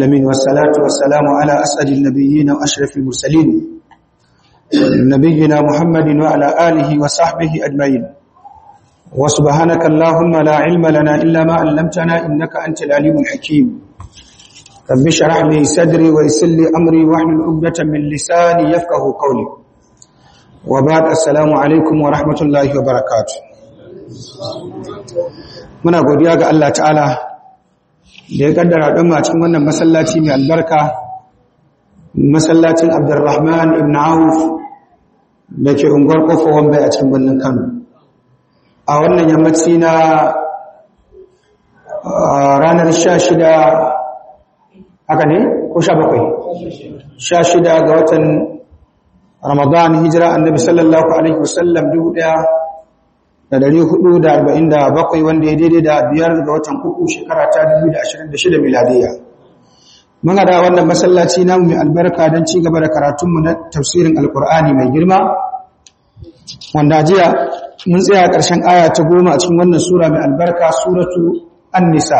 العالمين والصلاة والسلام على أسعد النبيين وأشرف المرسلين نبينا محمد وعلى آله وصحبه أجمعين وسبحانك اللهم لا علم لنا إلا ما علمتنا إنك أنت العليم الحكيم رب اشرح لي صدري ويسر لي أمري واحلل عقدة من لساني يفقه قولي وبعد السلام عليكم ورحمة الله وبركاته muna godiya ga Allah ta'ala da ya kaddara don a cikin wannan masallaci mai albarka masallacin abdurrahman ibn auf da ke unguwar kofa wambai a cikin birnin kano a wannan yammaci na ranar sha shida haka ne ko sha bakwai sha shida ga watan ramadan hijira annabi sallallahu alaihi wasallam dubu daya da 447 wanda ya daidai da biyar ga watan uku shekara ta 2026 miladiya muna da wannan masallaci namu mai albarka don ci gaba da karatunmu na tafsirin alkur'ani mai girma wanda jiya mun tsaya ƙarshen aya ta goma a cikin wannan sura mai albarka suratu an-nisa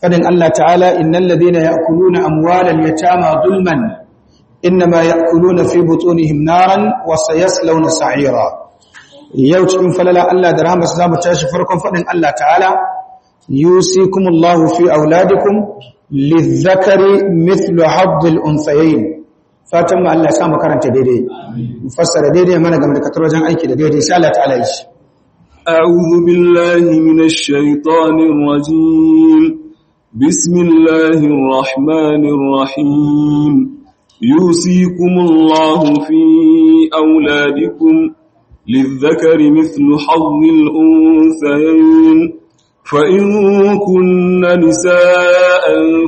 fadin Allah ta'ala innal ladina ya'kuluna amwalal yatama zulman inma ya'kuluna fi butunihim naran wa sayaslawna sa'ira yau cikin falala Allah da rahama za mu tashi farkon faɗin Allah ta'ala yusikumullahu fi auladikum lizzakari mithlu habdil unthayayn fatan mu Allah ya sa mu karanta daidai mu fassara daidai mana game da katar wajen aiki da daidai sai Allah ta'ala yi a'udhu billahi minash shaitanir rajim bismillahir rahmanir rahim yusikumullahu fi auladikum للذكر مثل حظ الأنثيين فإن كن نساء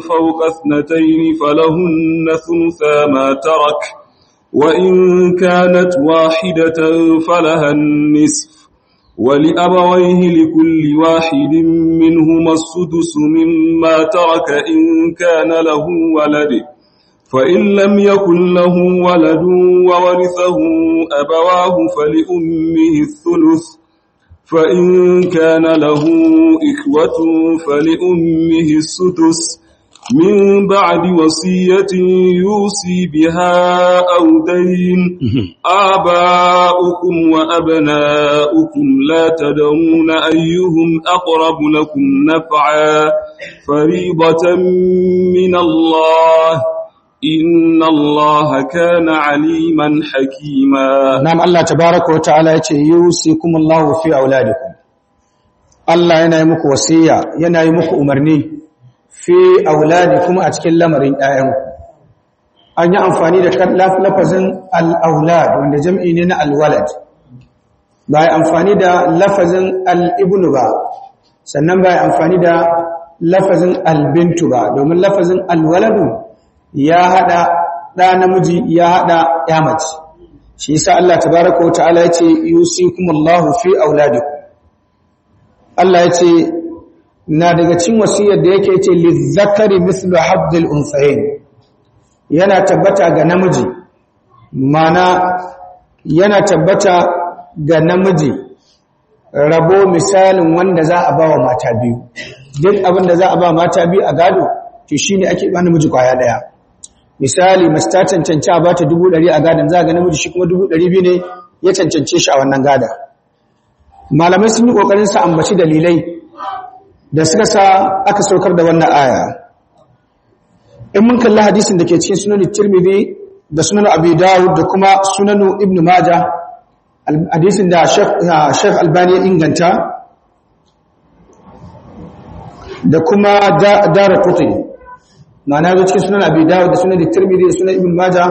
فوق اثنتين فلهن ثلثا ما ترك وإن كانت واحدة فلها النصف ولأبويه لكل واحد منهما السدس مما ترك إن كان له ولده فإن لم يكن له ولد وورثه أبواه فلأمه الثلث فإن كان له إخوة فلأمه السدس من بعد وصية يوصي بها أو دين آباؤكم وأبناؤكم لا تدرون أيهم أقرب لكم نفعا فريضة من الله إن الله كان عليما حكيما نعم الله تبارك وتعالى يوصيكم الله في أولادكم الله ينايمك وصية ينايمك أمرني في أولادكم أتكلم لمرين آيانكم an yi amfani da lafazin al'aulad wanda jam'i ne na alwalad ba yi amfani da lafazin al'ibnu ba sannan ba yi amfani da lafazin albintu ba domin lafazin alwaladu ya hada ɗa namiji ya haɗa ya mace shi yasa Allah wa ta'ala yace yusikumullahu fi auladikum Allah yace na daga cikin wasiyar da yake yace lizzakari mislu habdil unsayin yana tabbata ga namiji mana yana tabbata ga namiji rabo misalin wanda za a ba wa mata biyu duk abin da za a ba mata biyu a gado to shine ake ba namiji kwaya daya misali mace ta cancanci a bata dubu ɗari a gadon, za a ga namiji shi kuma dubu ɗari biyu ne ya cancanci shi a wannan gada malamai sun yi ƙoƙarin sa ambaci dalilai da suka sa aka saukar da wannan aya in mun kalli hadisin da ke cikin sunanin tirmidhi da sunan abu dawud da kuma sunan ibnu majah hadisin da shek ah, albani ya inganta da kuma dara ma'ana zo cikin sunan abi dawud da sunan tirmidhi da sunan ibn majah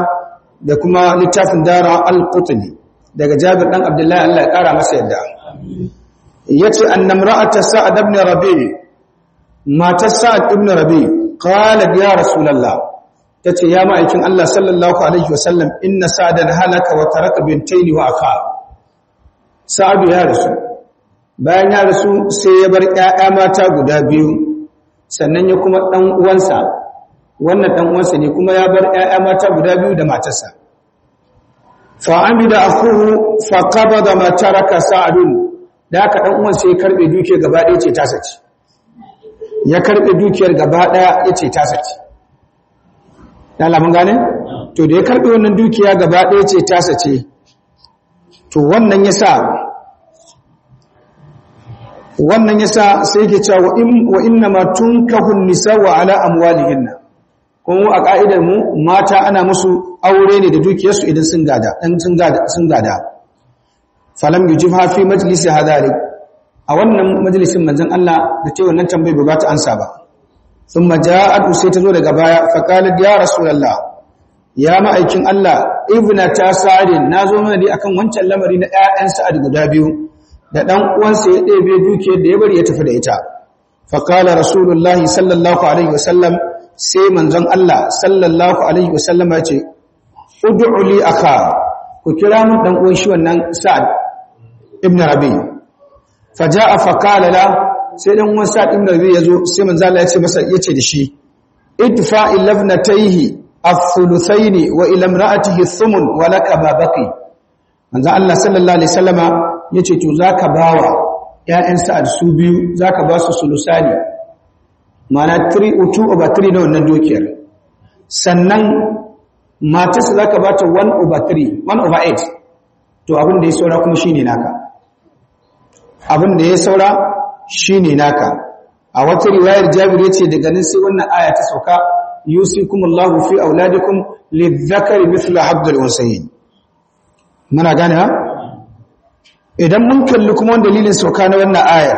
da kuma littafin dara al-qutni daga jabir dan abdullahi Allah ya kara masa yadda yace annamra'ata sa'ad ibn rabi matar sa'ad ibn rabi qalat ya rasulullah tace ya ma'aikin Allah sallallahu alaihi sa inna sa'adan halaka wa taraka bintaini wa sa'adu ya rasu bayan ya rasu sai ya bar ƴaƴa mata guda biyu sannan ya kuma dan uwansa wannan dan uwansa ne kuma ya bar ƴaƴa mata guda biyu da matarsa fa amida akhuhu fa qabada ma taraka sa'dun da haka dan uwan sai karbe dukiyar gaba ɗaya ce ta sace ya karbe dukiyar gaba ɗaya yace ta sace da alamun gane to da ya karbe wannan dukiya gaba ɗaya ce ta sace to wannan yasa wannan yasa sai yake cewa wa inna ma tunkahun nisa wa ala amwalihinna kuma a ka'idar mu mata ana musu aure ne da dukiyarsu idan sun gada dan sun gada falam yujibha fi hadari a wannan majalisin manzan Allah da ce wannan tambayi ba ta ansa ba thumma ja'at sai ta zo daga baya fa ya rasulullah ya ma'aikin Allah ibna ta Na zo mana dai akan wancan lamari na ƴaƴan sa'ad guda biyu da ɗan uwansa ya ɗebe dukiyar da ya bari ya tafi da ita fa qala sallallahu alaihi wasallam sai manzon Allah sallallahu alaihi ya ce ud'u li akha ku kira mun dan uwan shi wannan Sa'ad ibn Rabi faja'a fa qala la sai dan uwan Sa'ad ibn Rabi yazo sai manzon Allah ya masa yace da shi idfa afsulusaini wa ila imra'atihi thumun wa ما babaki. Manzon Allah sallallahu alaihi wasallama yace to zaka bawa ƴaƴan sa'ad su biyu zaka ba su sulusani mana 3 over 3 na wannan dukiyar sannan matarsa za ka ba ta 1 over 3 1 over 8 to abin da ya saura kuma shi ne naka abin da ya saura shi ne naka a wata riwayar jabir ya ce daga nan sai wannan aya ta sauka yusikum Allahu fi auladikum lidhakari mithla habdul unsayin muna gane ha idan mun kalli kuma dalilin sauka na wannan aya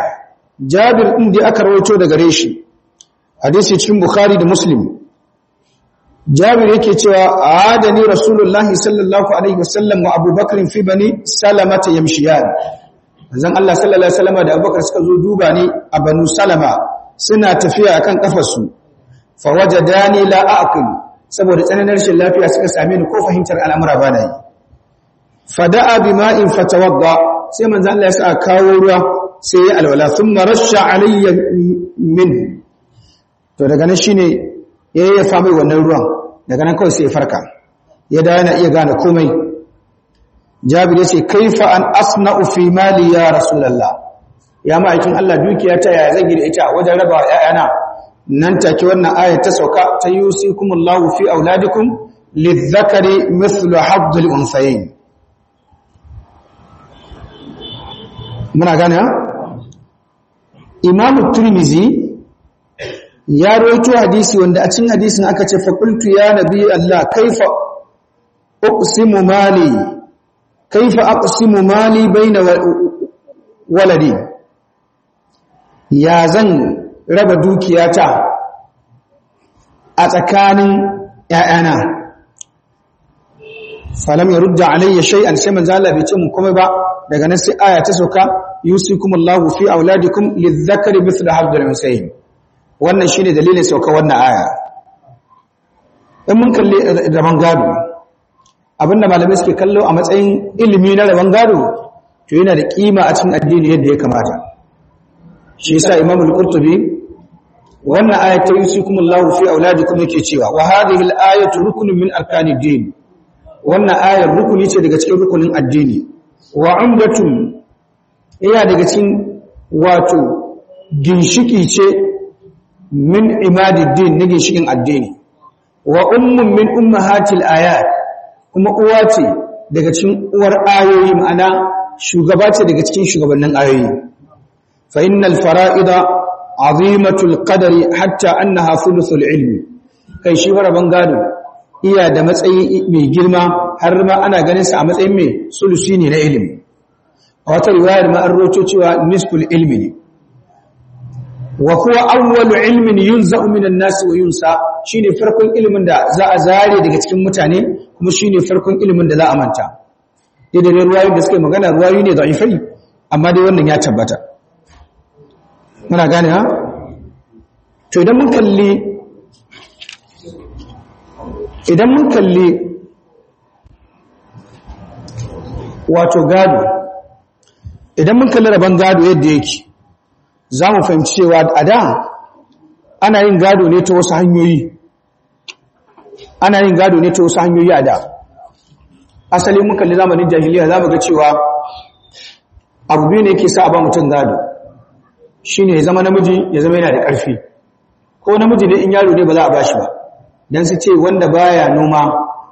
jabir din da aka rawaito daga gare shi hadisi cikin bukhari da muslim jabir yake cewa adani rasulullahi sallallahu alaihi wasallam wa abubakar fi bani salamata yamshiyan zan Allah sallallahu alaihi wasallam da abubakar suka zo duba ni a banu salama suna tafiya akan kafarsu fa wajadani la saboda tsananin rashin lafiya suka same ni ko fahimtar al'amura ba na yi fada'a bima'in fatawadda sai manzo Allah ya sa kawo ruwa sai ya alwala thumma rasha alayya min to daga nan shine ya ya samu wannan ruwan daga nan kawai sai ya farka ya da yana iya gane komai jabir yace kaifa an asna'u fi mali ya rasulullah ya ma'aikin Allah dukiya ta yaya zan gida ita wajen raba ƴaƴana nan take wannan aya ta sauka ta yusikumullahu fi auladikum lizakari mithlu haddul unsayin muna gane imamu turmizi ya roto hadisi wanda a cikin hadisin aka ce fa ya nabi Allah kaifa uqsimu mali kaifa aqsimu mali baina waladi ya zan raba dukiyata a tsakanin ƴaƴana falam yurda alayya shay'an sai manzo Allah bai ce mun komai ba daga nan sai aya ta sauka yusikumullahu fi auladikum lidhakari mithla hadhihi wannan shi ne dalilin sauka wannan aya in mun kalli rabon gado abinda malamai suke kallo a matsayin ilimi na rabon gado to yana da kima a cikin addini yadda ya kamata shi yasa Imam al-Qurtubi wannan aya ta yusikumullahu fi auladikum yake cewa wa hadhihi al-ayatu ruknun min arkanid din wannan ayar rukuni ce daga cikin rukunin addini wa umdatun yana daga cikin wato ginshiki ce min imadiddin nige shikin addini wa ummun min ummahatil ayat kuma uwa ce daga cikin uwar ayoyi ma'ana shugaba ce daga cikin shugabannin ayoyi fa innal fara'ida azimatul qadari hatta annaha thuluthul ilmi kai shi ban gado iya da matsayi mai girma har ma ana ganin sa a matsayin mai sulusi ne na ilimi a wata riwayar ma an roto cewa nisful ilmi ne wa kuwa awwalu ilmin yunza'u minan nas wa yunsa shine farkon ilmin da za a zare daga cikin mutane kuma shine farkon ilmin da za a manta idan ne ruwayi da suke magana ruwayi ne da'ifai amma dai wannan ya tabbata muna gane ha to idan mun kalli idan mun kalli wato gado idan mun kalli rabon gado yadda yake za mu fahimci cewa a da ana yin gado ne ta wasu hanyoyi ana yin gado ne ta wasu hanyoyi a da asali mun kalli zamanin jahiliya za mu ga cewa abu biyu ne ke sa a ba mutum gado shi ne ya zama namiji ya zama yana da ƙarfi ko namiji ne in yaro ne ba za a ba shi ba don su ce wanda baya noma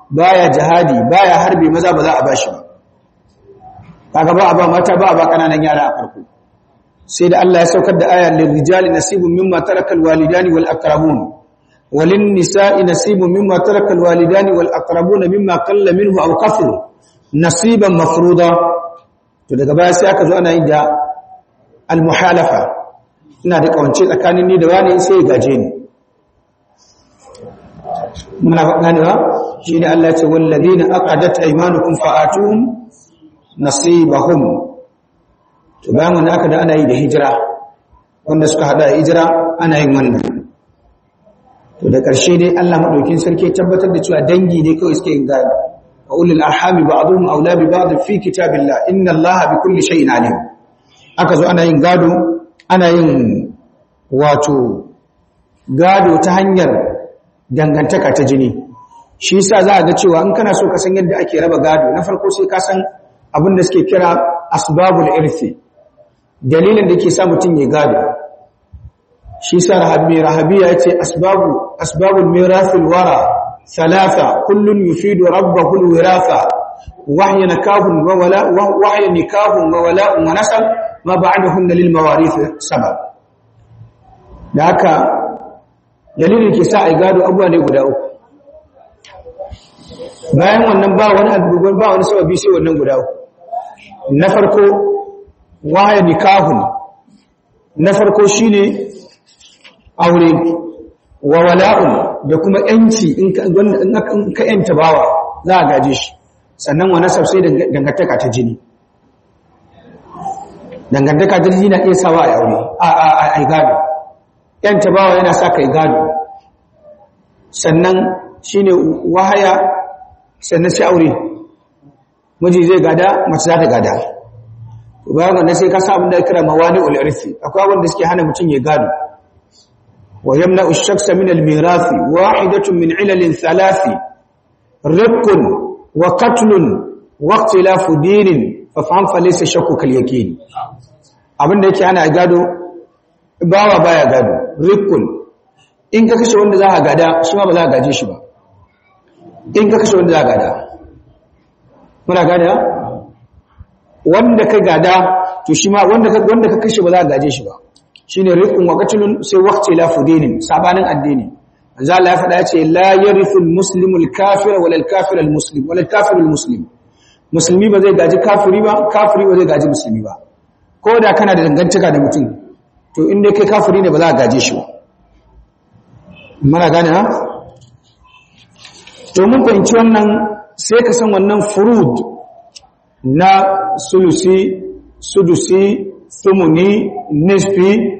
baya jihadi baya harbi maza ba za a ba shi ba kaga ba a ba mata ba a ba ƙananan yara a farko sai da Allah ya saukar da aya rijali nasibun mimma tarakal walidani wal aqrabun walin nisa'i nasibun mimma tarakal walidani wal aqrabun mimma qalla minhu aw kathur nasiban mafruda to daga baya sai aka zo ana yin da al muhalafa ina da kawance tsakanin ni da wani sai gaje ni muna faɗa ne ba shi ne Allah ya ce wallazina aqadat aymanukum fa'atuhum nasibahum to bayan wannan aka da ana yi da hijira wanda suka hada da hijira ana yin wannan to da ƙarshe dai Allah madaukin sarki tabbatar da cewa dangi ne kawai suke yin gado wa ulul arhami ba'dhum awla bi ba'd fi kitabillah inna Allaha bi kulli shay'in alim aka zo ana yin gado ana yin wato gado ta hanyar dangantaka ta jini shi yasa za a ga cewa in kana so ka san yadda ake raba gado na farko sai ka san abin da suke kira asbabul irthi dalilin da ke sa mutum ya gada shi sa rahabi rahabi ya ce asbabu asbabul mirathil wara thalatha kullun yufidu rabbahu alwiratha wahya nikahun wa wala wahya nikahun wa wala wa nasab ma ba'dahun lil mawarith sabab da haka dalilin ke sa ai gado abuwa ne guda uku bayan wannan ba wani abubuwan ba wani sababi sai wannan guda uku na farko waye nikahun na farko shine aure wa wala'un da kuma yanci in ka yanta bawa za ka gaje shi sannan wa nasab sai dangantaka ta jini dangantaka ta jini na iya sawa a aure a a a gado yanta bawa yana sa kai gado sannan shine wahaya sannan sai aure miji zai gada mace za ta gada bayan na sai ka sa abin da ya kira mawani ul'irisi akwai abin da suke hana mutum ya gado wa yamna ushaksa min almirathi wahidatun min ilalin thalathi rikun wa qatlun wa ikhtilafu dinin fa faham fa laysa shakku kal yaqin abin da yake hana gado bawa baya gado rikun in ka kashe wanda za ka gada shi ma ba za ka gaje shi ba in ka kashe wanda za ka gada muna gada wanda ka gada to shi ma wanda ka wanda ka kashe ba za ka gaje shi ba shine rifqun wa qatlun sai waqti la fudinin sabanin addini manzo Allah ya faɗa ya ce la yarithu al-muslimu al-kafira wala al kafir al-muslim wala al kafir al-muslim musulmi ba zai gaji kafiri ba kafiri ba zai gaji musulmi ba ko da kana da dangantaka da mutum to inda kai kafiri ne ba za ka gaje shi ba mana gane ha to mun fahimci wannan sai ka san wannan furud na sulusi sudusi sumuni nisfi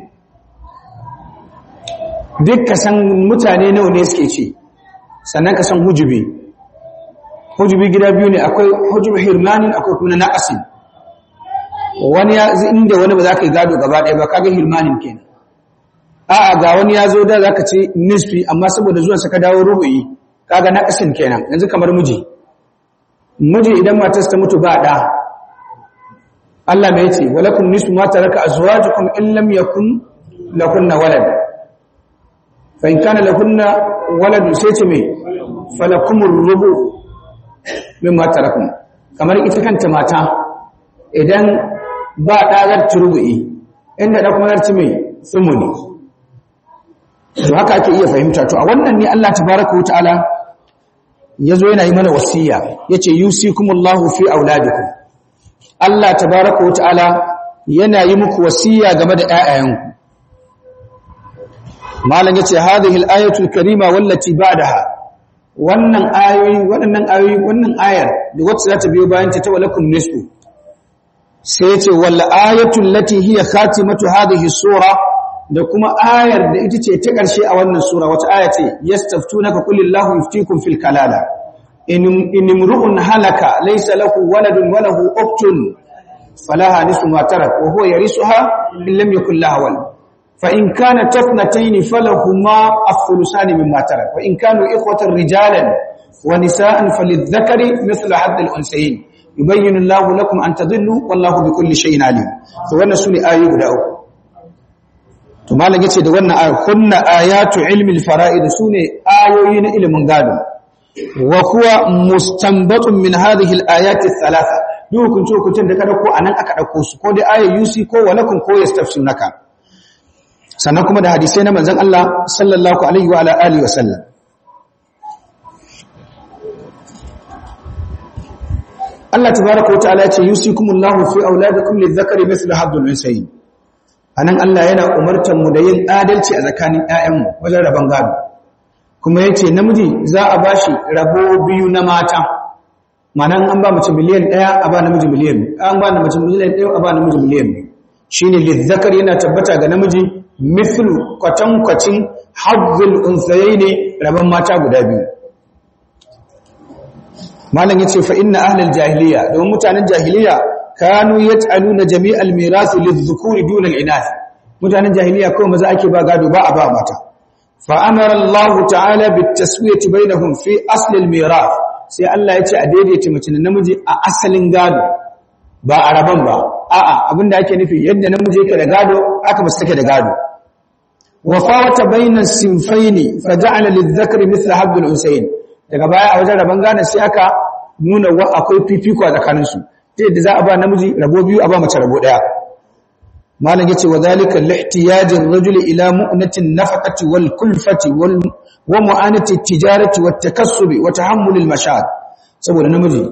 duk ka san mutane nawa ne suke ci sannan ka san hujubi hujubi gida biyu ne akwai hujubi hirmanin akwai kuma na asin wani ya inda wani ba za ka yi gado gaba ɗaya ba kaga hirmanin kenan a'a ga wani ya zo da za ka ci nisfi amma saboda zuwansa ka dawo rubu'i kaga na asin kenan yanzu kamar miji miji idan matarsa ta mutu ba ɗa Allah mai yace walakum nisfu ma taraka azwajukum in lam yakun lakunna walad fa in kana lakunna walad sai ce me falakumur rubu mimma tarakum kamar ita kanta mata idan ba dagar turbu'i inda da kuma zarci me tsumuni to haka ake iya fahimta to a wannan ne Allah tabaaraka wa ta'ala yazo yana yi mana wasiya yace yusikumullahu fi auladikum Allah tabaraka wataala yana yi muku wasiya game da ƴaƴayenku malam yace hadhihi al-ayatu al-karima wallati ba'daha wannan ayoyi wannan ayoyi wannan ayar da wacce za ta biyo bayan ta walakum nisbu sai yace wal ayatu allati hiya khatimatu hadhihi sura da kuma ayar da ita ce ta ƙarshe a wannan sura wata aya ce yastaftunaka qulillahu yuftikum fil kalala in imru'un halaka laysa lahu waladun wa lahu ukhtun falaha nisfu ma tarak wa huwa yarithuha in lam yakul lahu walad fa in kana tathnatayn falahuma athlusan mimma tarak wa in kanu ikhwatan rijalan wa nisaan falidh-dhakari mithlu hadd al-unsayayn yubayyinu Allahu lakum an tadillu wallahu bikulli shay'in alim to wannan sune ayoyi guda uku to malam yace da wannan ayatu kunna ayatu ilmi al-fara'id sune ayoyi na ilimin gado wa kuwa mustanbatun min hadhihi al-ayati ath-thalatha duk hukunci hukuncin da ka dauko anan aka dauko su ko dai ayat yusi ko walakum ko yastafsunaka sannan kuma da hadisai na manzon Allah sallallahu alaihi wa alihi wa sallam Allah tabaaraka wa ta'ala ce yusikumullahu fi auladikum lidh-dhakari mithlu haddul unsayn anan Allah yana umartar mu da yin adalci a tsakanin ƴaƴanmu wajen rabon gado kuma ya ce namiji za a bashi rabo biyu na mata manan an ba mace miliyan ɗaya a ba namiji miliyan an ba mace miliyan ɗaya a ba namiji miliyan shine lizzakar yana tabbata ga namiji mislu kwatankwacin unsaye ne rabon mata guda biyu malam ce fa na ahlal jahiliya domin mutanen jahiliya kanu na jami'al mirasi lizzukuri dunan al mutanen jahiliya kawai maza ake ba gado ba a ba mata فأمر الله تعالى بالتسوية بينهم في أصل الميراث sai Allah ya ce a daidaita mace da namiji a asalin gado ba a rabon ba a'a abinda ake nufi yadda namiji yake da gado aka mace take da gado wa wata bainas sinfaini faja'ala lidh-dhakari mithla al-unsayn daga baya a wajen rabon gado sai aka nuna wa akwai fifiko a tsakaninsu ta yadda za a ba namiji rabo biyu a ba mace rabo daya malam yace wa zalika lihtiyajir rajuli ila mu'natin nafaqati wal kulfati wal wa mu'anati tijarati wat takassubi wa tahammul mashaq saboda namiji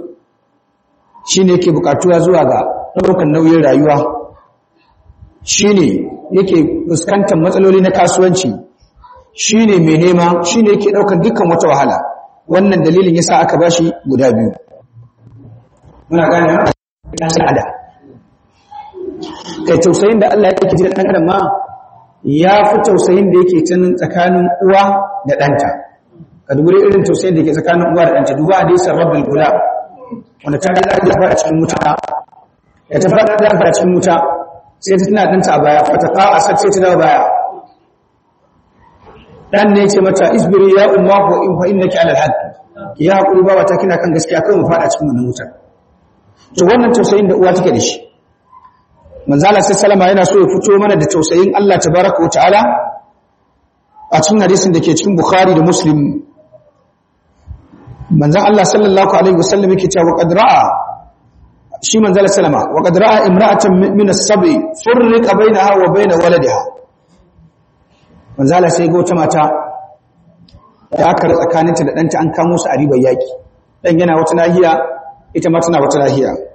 shine yake bukatuwa zuwa ga daukan nauyin rayuwa shine yake fuskantar matsaloli na kasuwanci shine mai nema shine yake ɗaukar dukkan wata wahala wannan dalilin yasa aka bashi guda biyu muna gane ya kai tausayin da Allah yake ji da dan adam ma ya fi tausayin da yake can tsakanin uwa da ɗanta ka dubi irin tausayin da yake tsakanin uwa da ɗanta duba hadisin rabbul gula wanda ta ga zai fara cikin wuta ya ta fara da fara cikin wuta sai ta tana ɗanta a baya fata ta a sai ta dawo baya dan ne ce mata isbiri ya umma ko in fa innaki ala alhaq ya hakuri baba ta kina kan gaskiya kai mu fara cikin wannan wutar to wannan tausayin da uwa take da shi manzala sallama yana so ya fito mana da tausayin Allah tabaraka ta'ala a cikin hadisin da ke cikin bukhari da muslim manzan Allah sallallahu alaihi wasallam yake cewa qad ra'a shi manzala sallama wa qad ra'a imra'atan min as-sabi furriqa bainaha wa bain waladiha manzala sai ga wata mata ya kar tsakaninta da danta an kamo su a riba yaki dan yana wata nahiya ita ma tana wata nahiya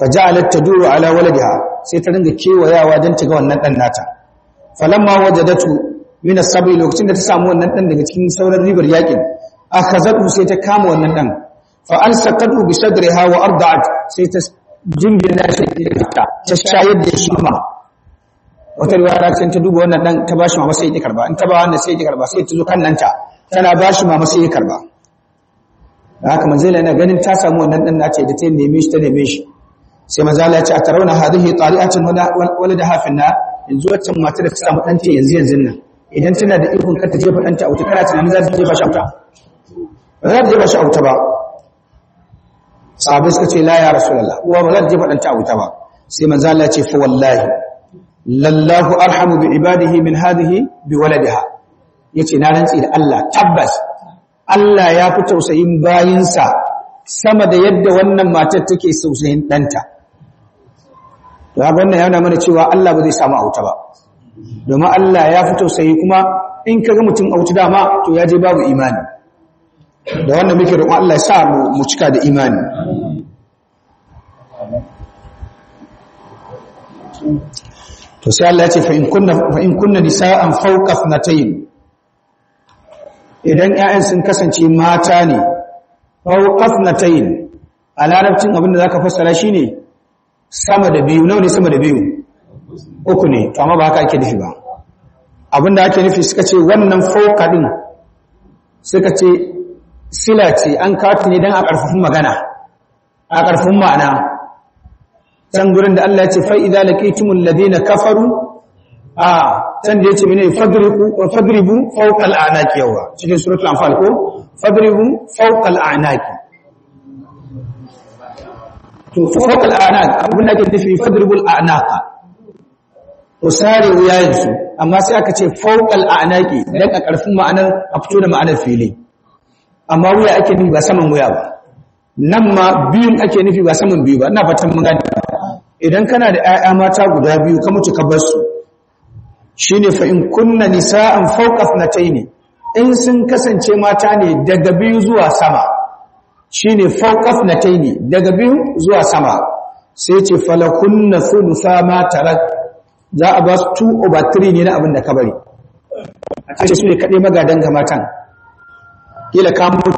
faja'alat taduru ala waladiha sai ta ringa kewayawa don ta ga wannan dan nata falamma wajadatu min as-sabi lokacin da ta samu wannan dan daga cikin sauran ribar yakin akhazatu sai ta kama wannan dan fa alsaqatu bi sadriha wa arda'at sai ta jinjina shi ta shayar da shi ma wata riwaya sai ta duba wannan dan ta bashi mama sai ta karba in ta ba wannan sai ta karba sai ta zo kan nanta tana bashi mama sai ya karba haka manzo yana ganin ta samu wannan dan nace da ta neme shi ta neme shi sai manzo Allah ya ce a tarawna hadhihi tari'atun waladaha fi nar yanzu wacce mata da ta samu danta yanzu yanzu nan idan tana da ikon kanta jefa danta a wuta kana tunanin za ta jefa shi auta ba za ta jefa shi auta ba sahabbai suka ce la ya rasulullah uwa ba za ta jefa danta a wuta ba sai manzo Allah ya ce fa wallahi lallahu arhamu bi ibadihi min hadhihi bi waladiha yace na rantsi da Allah tabbas Allah ya fi tausayin bayinsa sama da yadda wannan matar take tausayin danta to haka wannan yana mana cewa Allah ba zai samu auta ba domin Allah ya fito sai kuma in ga mutum auta dama to ya je babu imani da wannan muke roƙon Allah ya sa mu cika da imani to sai Allah ya ce fa in kunna fa in kunna nisa'an fawqa thnatayn idan ƴaƴan sun kasance mata ne fawqa thnatayn a larabcin da zaka fassara shine sama da biyu nawa ne sama da biyu uku ne to amma ba haka ake nufi ba abinda ake nufi suka ce wannan fauka din suka ce sila ce an kawo ne don a ƙarfafin magana a ƙarfafin ma'ana can gurin da Allah ya ce fa'iza laqitumul ladina kafaru a can da ya ce mene fadribu a al'anaki yawa cikin suratul anfal ko fadribu fauka al'anaki to fawqa al-anaq abin da ake nufi fadribu al-anaq usare wuyayen su amma sai aka ce fawqa al-anaqi dan a karfin ma'anar a fito da ma'anar fili amma wuya ake nufi ba saman wuya ba nan ma biyun ake nufi ba saman biyu ba ina fatan mun gane idan kana da ayya mata guda biyu ka mutu ka bar su shine fa in kunna nisa'an fawqa ne in sun kasance mata ne daga biyu zuwa sama shine fawqaf nataini daga biyu zuwa sama sai ce falakunna thulutha ma tarak za a ba su 2 over 3 ne na abin da ka bari a ce su ne kaɗai magadan ga matan kila ka mutu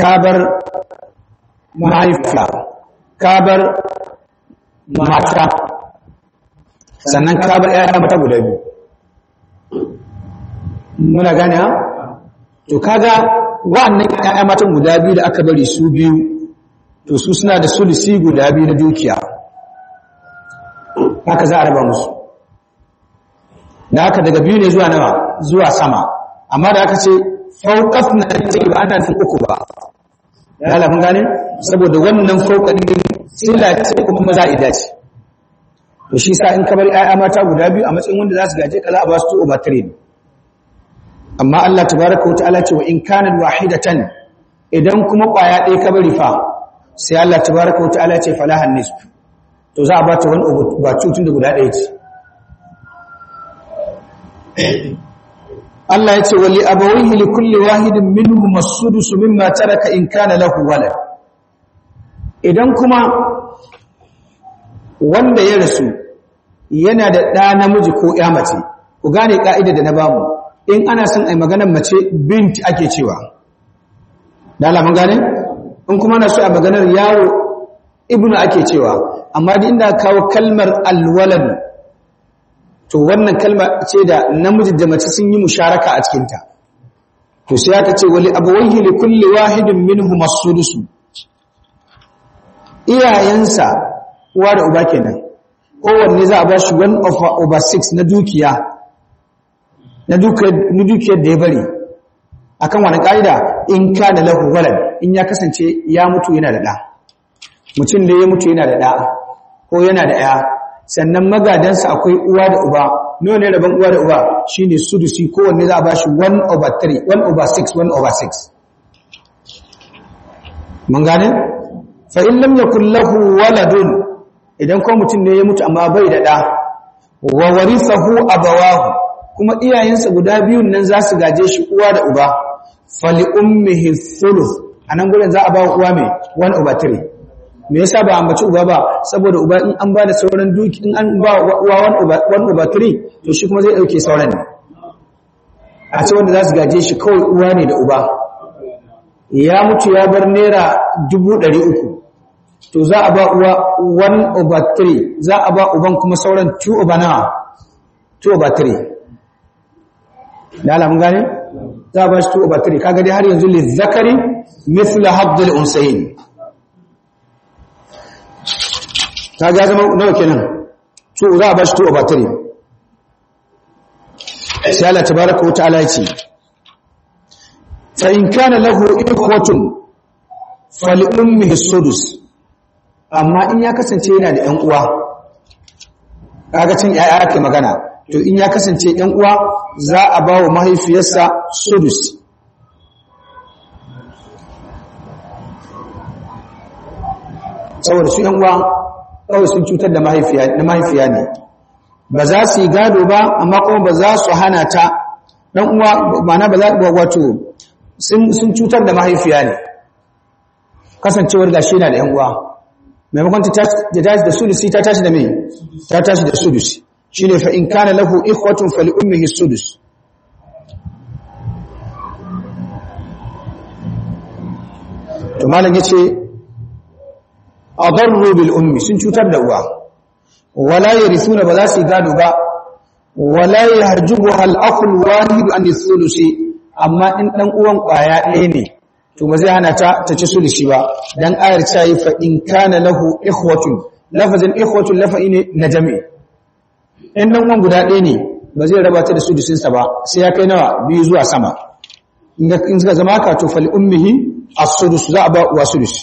ka bar mahaifa ka bar mata sannan ka bar ƴaƴa mata guda biyu muna gane ha to kaga wa'annan ƴaƴa matan guda biyu da aka bari su biyu to su suna da sulusi guda biyu na dukiya haka za a raba musu da haka daga biyu ne zuwa nawa zuwa sama amma da aka ce fauqafna ce ba ana fil uku ba Ya mun gane saboda wannan fauqadin sila ce kuma maza a dace. to shi sa in ka bari ƴaƴa mata guda biyu a matsayin wanda za su gaje kala a ba su to over 3 amma Allah tabaraka wa ta'ala ce wa in kanat wahidatan idan kuma kwaya ɗaya ka bari fa sai Allah tabaraka wa ta'ala ce falahan nisf to za a ba ta wani ba cutun da guda ɗaya ce Allah ya ce wali abawaihi li kulli wahidin minhum as-sudus mimma ka in kana lahu walad idan kuma wanda ya rasu yana da ɗa namiji ko ƴa mace ku gane ka'ida da na bamu in ana son ai maganar mace bint ake cewa da alamun in kuma ana so a maganar yaro ibnu ake cewa amma da inda kawo kalmar alwalad to wannan kalma ce da namiji da mace sun yi musharaka a cikin ta to sai aka ce wali abawaihi li kulli wahidin minhum as-sudus iyayensa uwa da uba kenan kowanne za a ba shi one of over six na dukiya na dukiyar da ya bari akan wani ƙa'ida in da lahu walad in ya kasance ya mutu yana da ɗa mutum da ya mutu yana da ɗa ko yana da ɗaya sannan magadansa akwai uwa da uba nawa ne rabon uwa da uba Shi ne su da su kowanne za a bashi 1 over 3 1 over 6 1 over 6 mun gane fa in lam yakul lahu waladun idan ko mutum ne ya mutu amma bai da ɗa wa warithahu abawahu kuma iyayensa guda biyun nan za su gaje shi uwa da uba fali ummihi thuluth anan gurin za a ba uwa mai one over three me yasa ba ambaci uba ba saboda uba in an ba da sauran duki in an ba uwa one over three to shi kuma zai dauke sauran ne a ce wanda za su gaje shi kawai uwa ne da uba ya mutu ya bar naira dubu ɗari uku to za a ba uwa one over three za a ba uban kuma sauran two over nawa, two over three da alamun gane za a ba shi 2 over 3 kaga dai har yanzu li zakari mithla haddul unsayin ta ga zama nawa kenan to za a ba shi 2 over 3 sai Allah tabaaraka wa ta'ala ya ce fa in kana lahu ikhwatun fal'ummihi sudus amma in ya kasance yana da ‘yan uwa, cin ‘ya'ya ake magana, to in ya kasance ɗan uwa za a ba wa mahaifiyarsa sudus saboda su ɗan uwa kawai sun cutar da mahaifiya ne ba za su yi gado ba amma kuma ba za su hana ta ɗan uwa mana ba za wato sun cutar da mahaifiya ne kasancewar shi na da ‘yan uwa maimakon ta tashi da sudusi ta tashi da mai ta tashi da sudusi shine fa in kana lahu ikhwatun fali ummihi sudus to malam yace adarru bil ummi sun cutar da uwa wala yarithuna ba za su gado ba wala yarjubu al aqul wahid an thulusi amma in ɗan uwan kwaya ɗaya ne to ba zai hana ta ta ci sulusi ba dan ayar ta yi fa'in kana lahu ikhwatun lafazin ikhwatun lafa ne na jami'i in dan uwan guda ɗaya ne ba zai raba ta da su dusinsa ba sai ya kai nawa biyu zuwa sama in suka zama ka to fal ummihi as-sudus za a ba uwa sudus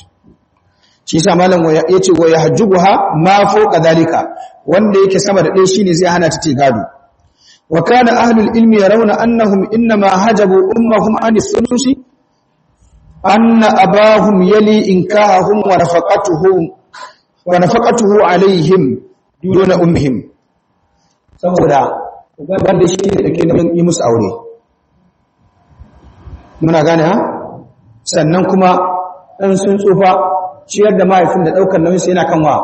shi Mallam malam yace wa yahjubuha ma fawqa dalika. wanda yake sama da ɗaya shine zai hana ta ci gado wa kana ahlul ilmi yarawna annahum inma hajabu ummahum an as-sudus anna abahum yali inkahahum wa nafaqatuhum wa nafaqatuhu alaihim duna ummihim saboda ubar da shi ne ke nan yi musu aure muna gane ha sannan kuma ɗan sun tsufa ciyar da mahaifin da ɗaukar nauyinsu yana kan wa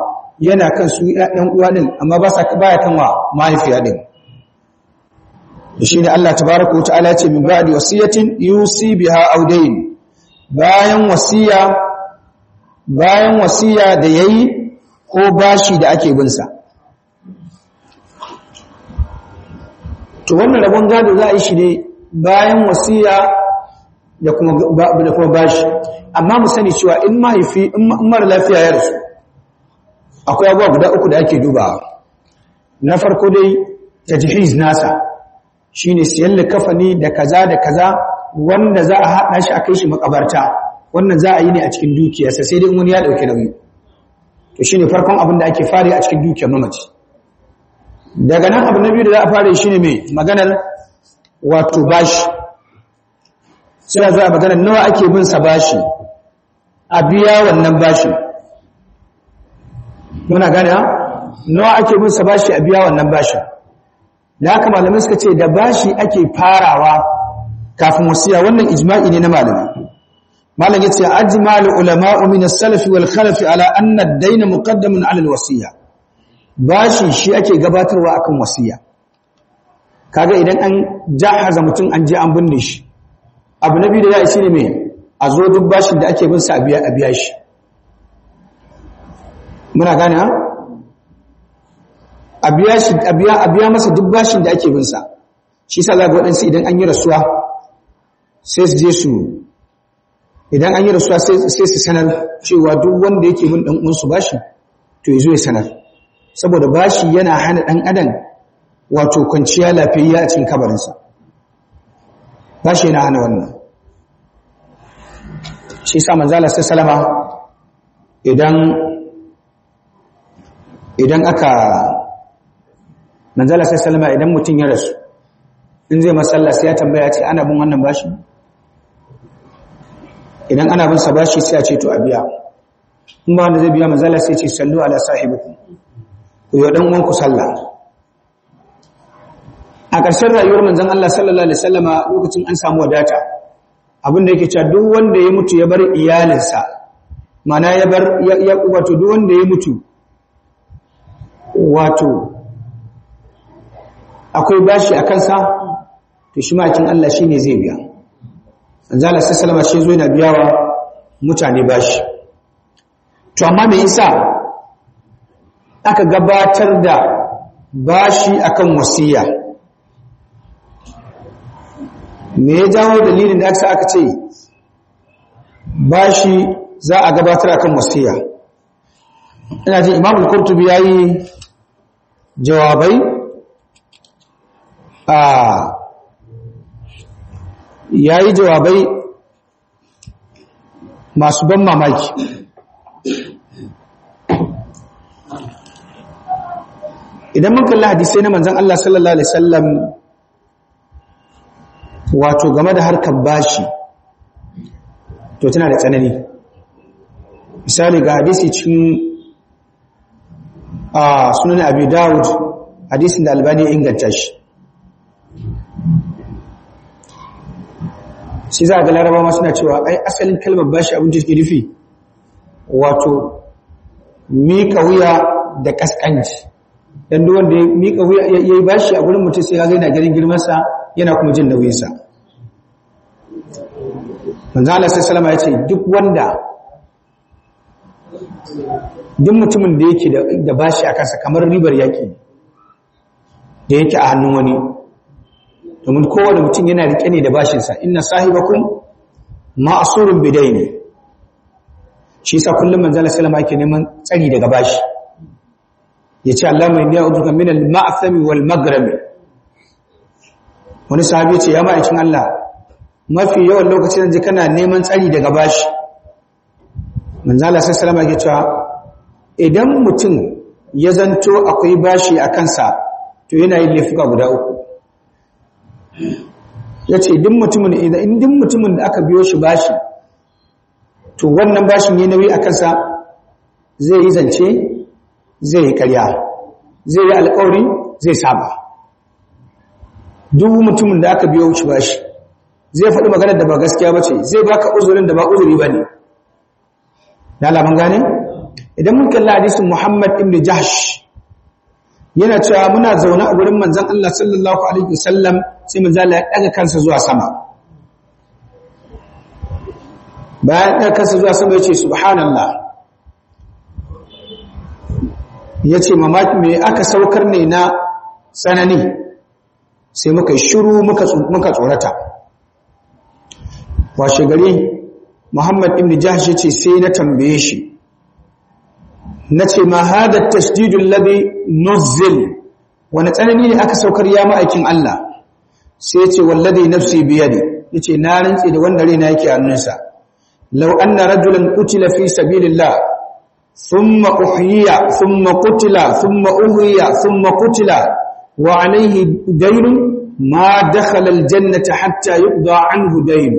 yana kan su ɗan uwa ɗin amma ba sa ba ya kan wa mahaifiya Da shi ne Allah tabaraka wa ta'ala ce min ba'di wasiyatin yusi biha audain bayan wasiya bayan wasiya da yayi ko bashi da ake bin sa to wannan rabon gado za a yi shi ne bayan wasiya da kuma da kuma bashi amma mu sani cewa in mahaifi in mara lafiya ya rasu akwai abuwa guda uku da ake dubawa na farko dai tajhiz nasa shine siyan likafani da kaza da kaza wanda za a hada shi a kai shi makabarta wannan za a yi ne a cikin dukiyarsa sai dai in wani ya dauke nauyi to shine farkon abin da ake fare a cikin dukiyar mamaci daga nan abu na biyu da za a fara shi ne mai maganar wato bashi suna zuwa maganar nawa ake bin sa bashi a biya wannan bashi muna gane ha nawa ake bin sa bashi a biya wannan bashi da haka malamai suka ce da bashi ake farawa kafin wasiya wannan ijma'i ne na malamai malam yace ajmalu ulama'u min as-salaf wal khalaf ala anna ad-dayn muqaddamun ala al bashi shi ake gabatarwa akan wasiya kaga idan an jahaza mutum an je an binne shi abu na biyu da ya a shine me a zo duk bashin da ake bin sa a biya a biya shi muna gane ha a biya shi a biya a biya masa duk bashin da ake bin sa shi yasa zaka wadansu idan an yi rasuwa sai su je su idan an yi rasuwa sai su sanar cewa duk wanda yake bin dan uwansu bashi to yazo ya sanar saboda bashi yana hana ɗan adam wato kwanciya lafiya a cikin kabarinsa bashi yana hana wannan shi sa manzala salama idan idan aka manzala salama idan mutum ya rasu in zai masalla sai ya tambaya ce ana bin wannan bashi idan ana bin sa bashi sai ya ce to a biya Kuma wanda zai biya manzala sai ce sallu ala sahibikum ku yi ɗan ku sallah a ƙarshen rayuwar manzan Allah sallallahu alaihi wasallama lokacin an samu wadata abinda yake cewa duk wanda ya mutu ya bar iyalinsa mana ya bar ya wato duk wanda ya mutu wato akwai bashi a kansa to shi makin Allah shi ne zai biya manzan Allah sallallahu alaihi wasallama shi zo yana biyawa mutane bashi to amma me yasa aka gabatar da bashi akan wasiya me ya jawo dalilin da aka ce bashi za a gabatar akan wasiya ina ji imam al yayi jawabai a yayi jawabai masu ban mamaki idan mun kalli hadisi na manzon Allah sallallahu alaihi wasallam wato game da harkar bashi to tana da tsanani misali ga hadisi cin a sunan abi daud hadisin da albani ya inganta shi shi za ga laraba ma suna cewa ai asalin kalmar bashi abin da take nufi wato miƙa wuya da ƙasƙanci dan duk wanda ya mika wuya yayi bashi a gurin mutum sai ga yana garin girman sa yana kuma jin nauyin sa manzo Allah sallallahu alaihi wasallam duk wanda duk mutumin da yake da bashi a kansa kamar ribar yaki da yake a hannun wani domin kowane mutum yana rike ne da bashin sa inna sahibakum ma'surun bidaini shi yasa kullum manzo Allah sallallahu alaihi wasallam yake neman tsari daga bashi ce Allah mai niyar min al-ma'thami wal magrami wani sahabi ce ya ma'aikin Allah mafi yawan lokacin da kana neman tsari daga bashi manzo Allah salama alaihi cewa idan mutum ya zanto akwai bashi a kansa to yana yin laifuka guda uku yace idan mutumin idan idan mutumin da aka biyo shi bashi to wannan bashin ne nauyi a kansa zai yi zance zai yi karya, zai yi alkawari zai saba duk mutumin da aka biyo wuce bashi zai faɗi maganar da ba gaskiya ba ce zai baka uzurin da ba uzuri ba ne da alamun gane idan mun kalli hadisin muhammad ibn jahsh yana cewa muna zaune a gurin manzon Allah sallallahu alaihi wasallam sai manzo Allah ya daga kansa zuwa sama bayan daga kansa zuwa sama ya ce subhanallah ya ce aka saukar ne na tsanani sai muka yi shiru muka tsorata washe gari muhammad ibn jahsh ce sai na tambaye shi na ce ma hada tasdidul ladhi nuzzil wani tsanani ne aka saukar ya ma'aikin Allah sai ya ce walladhi nafsi biyadi yace na rintse da wanda raina yake hannunsa an na rajulan qutila fi sabilillah summa أحيي ثم قتل ثم أحيي ثم قتل وعليه دين ما دخل الجنة حتى يقضى عنه دين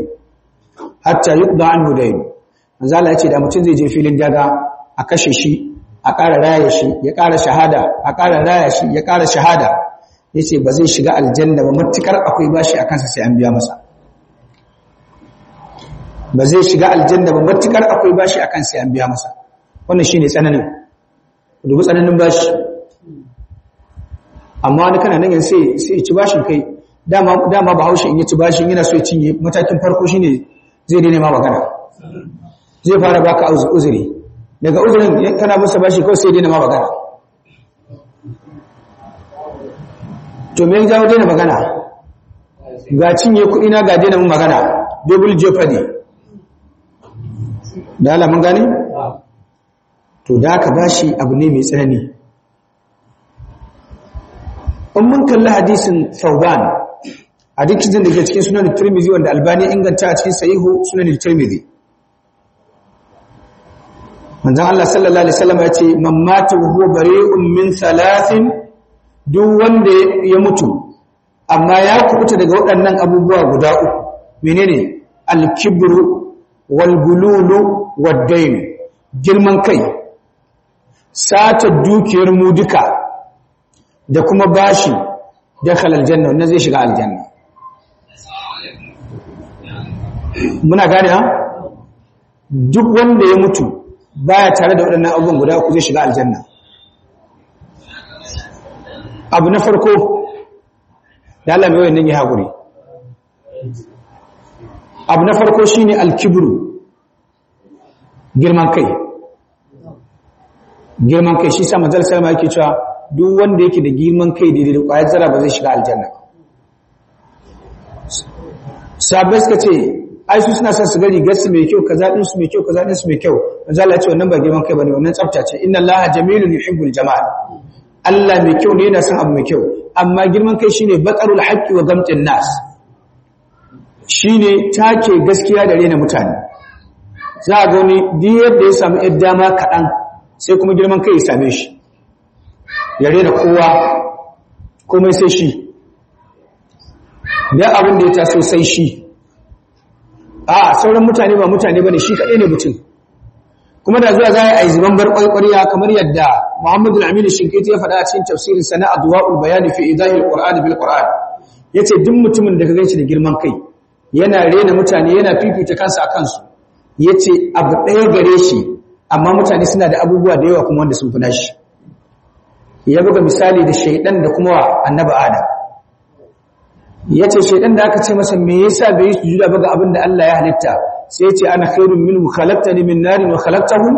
حتى يقضى عنه دين manzo Allah yace da mutum zai je filin daga a kashe shi a ƙara raya shi ya ƙara shahada a ƙara raya shi ya ƙara shahada yace ba zai shiga aljanna ba akwai bashi a kansa sai an biya masa ba zai shiga aljanna ba matukar akwai bashi a kansa sai an biya masa wannan ne tsananin dubu tsananin bashi amma wani kana nan sai sai ci bashin kai dama ba bahaushe in ya ci bashin yana so ya cinye matakin farko shi ne zai daina ma magana zai fara baka uzuri daga uzurin kana masa bashi kawai sai daina ma magana to me jawo daina magana ga cinye kuɗina na ga daina magana double jeopardy da alamun gani to da aka bashi abu ne mai tsanani in mun kalli hadisin a hadisin da ke cikin sunan turmizi wanda Albani inganta a cikin sa'ihu sunan turmizi manzon Allah sallallahu alaihi wasallam ya ce mamata mata huwa bare, min duk wanda ya mutu amma ya kubuta daga waɗannan abubuwa guda uku menene al-kibru walbululu, gululu girman kai sata dukiyar mu duka da kuma bashi da halal janna wannan zai shiga aljanna muna gane ha duk wanda ya mutu baya tare da waɗannan abubuwan guda ku zai shiga aljanna abu na farko da Allah mai wannan ya haƙuri abu na farko shine alkibru girman kai girman kai shi sa manzal ma yake cewa duk wanda yake da girman kai daidai da kwayar zara ba zai shiga aljanna ba sabai suka ce ai su suna son su gari gasu mai kyau ka zaɗin su mai kyau ka zaɗin su mai kyau manzo ya ce wannan ba girman kai ba ne, wannan tsabta ce inna Allah jamilun yuhibbul jamaa Allah mai kyau ne yana son abu mai kyau amma girman kai shine baqarul haqqi wa gamtin nas shine take gaskiya da rena mutane za a ga ni duk yadda ya samu yadda ma kaɗan. sai kuma girman kai ya same shi Yare da kowa komai sai shi da abin da ya taso sai shi a sauran mutane ba mutane ba ne, shi kaɗai ne mutum kuma da zuwa za a yi zuban bar ƙwarƙwariya kamar yadda muhammadu al-amin shinkiti ya faɗa a cikin tafsirin sana adwa'ul bayani fi idahil qur'an bil Ya ce duk mutumin da ka ganshi da girman kai yana rena mutane yana fifita kansa kansu. Ya ce abu ɗaya gare shi amma mutane suna da abubuwa da yawa kuma wanda sun fi nashi ya buga misali da shaidan da kuma wa annaba adam Ya ce shaidan da aka ce masa me yasa bai sujuda ba ga abin da Allah ya halitta sai ce ana khairun minhu khalaqtani min narin wa khalaqtahu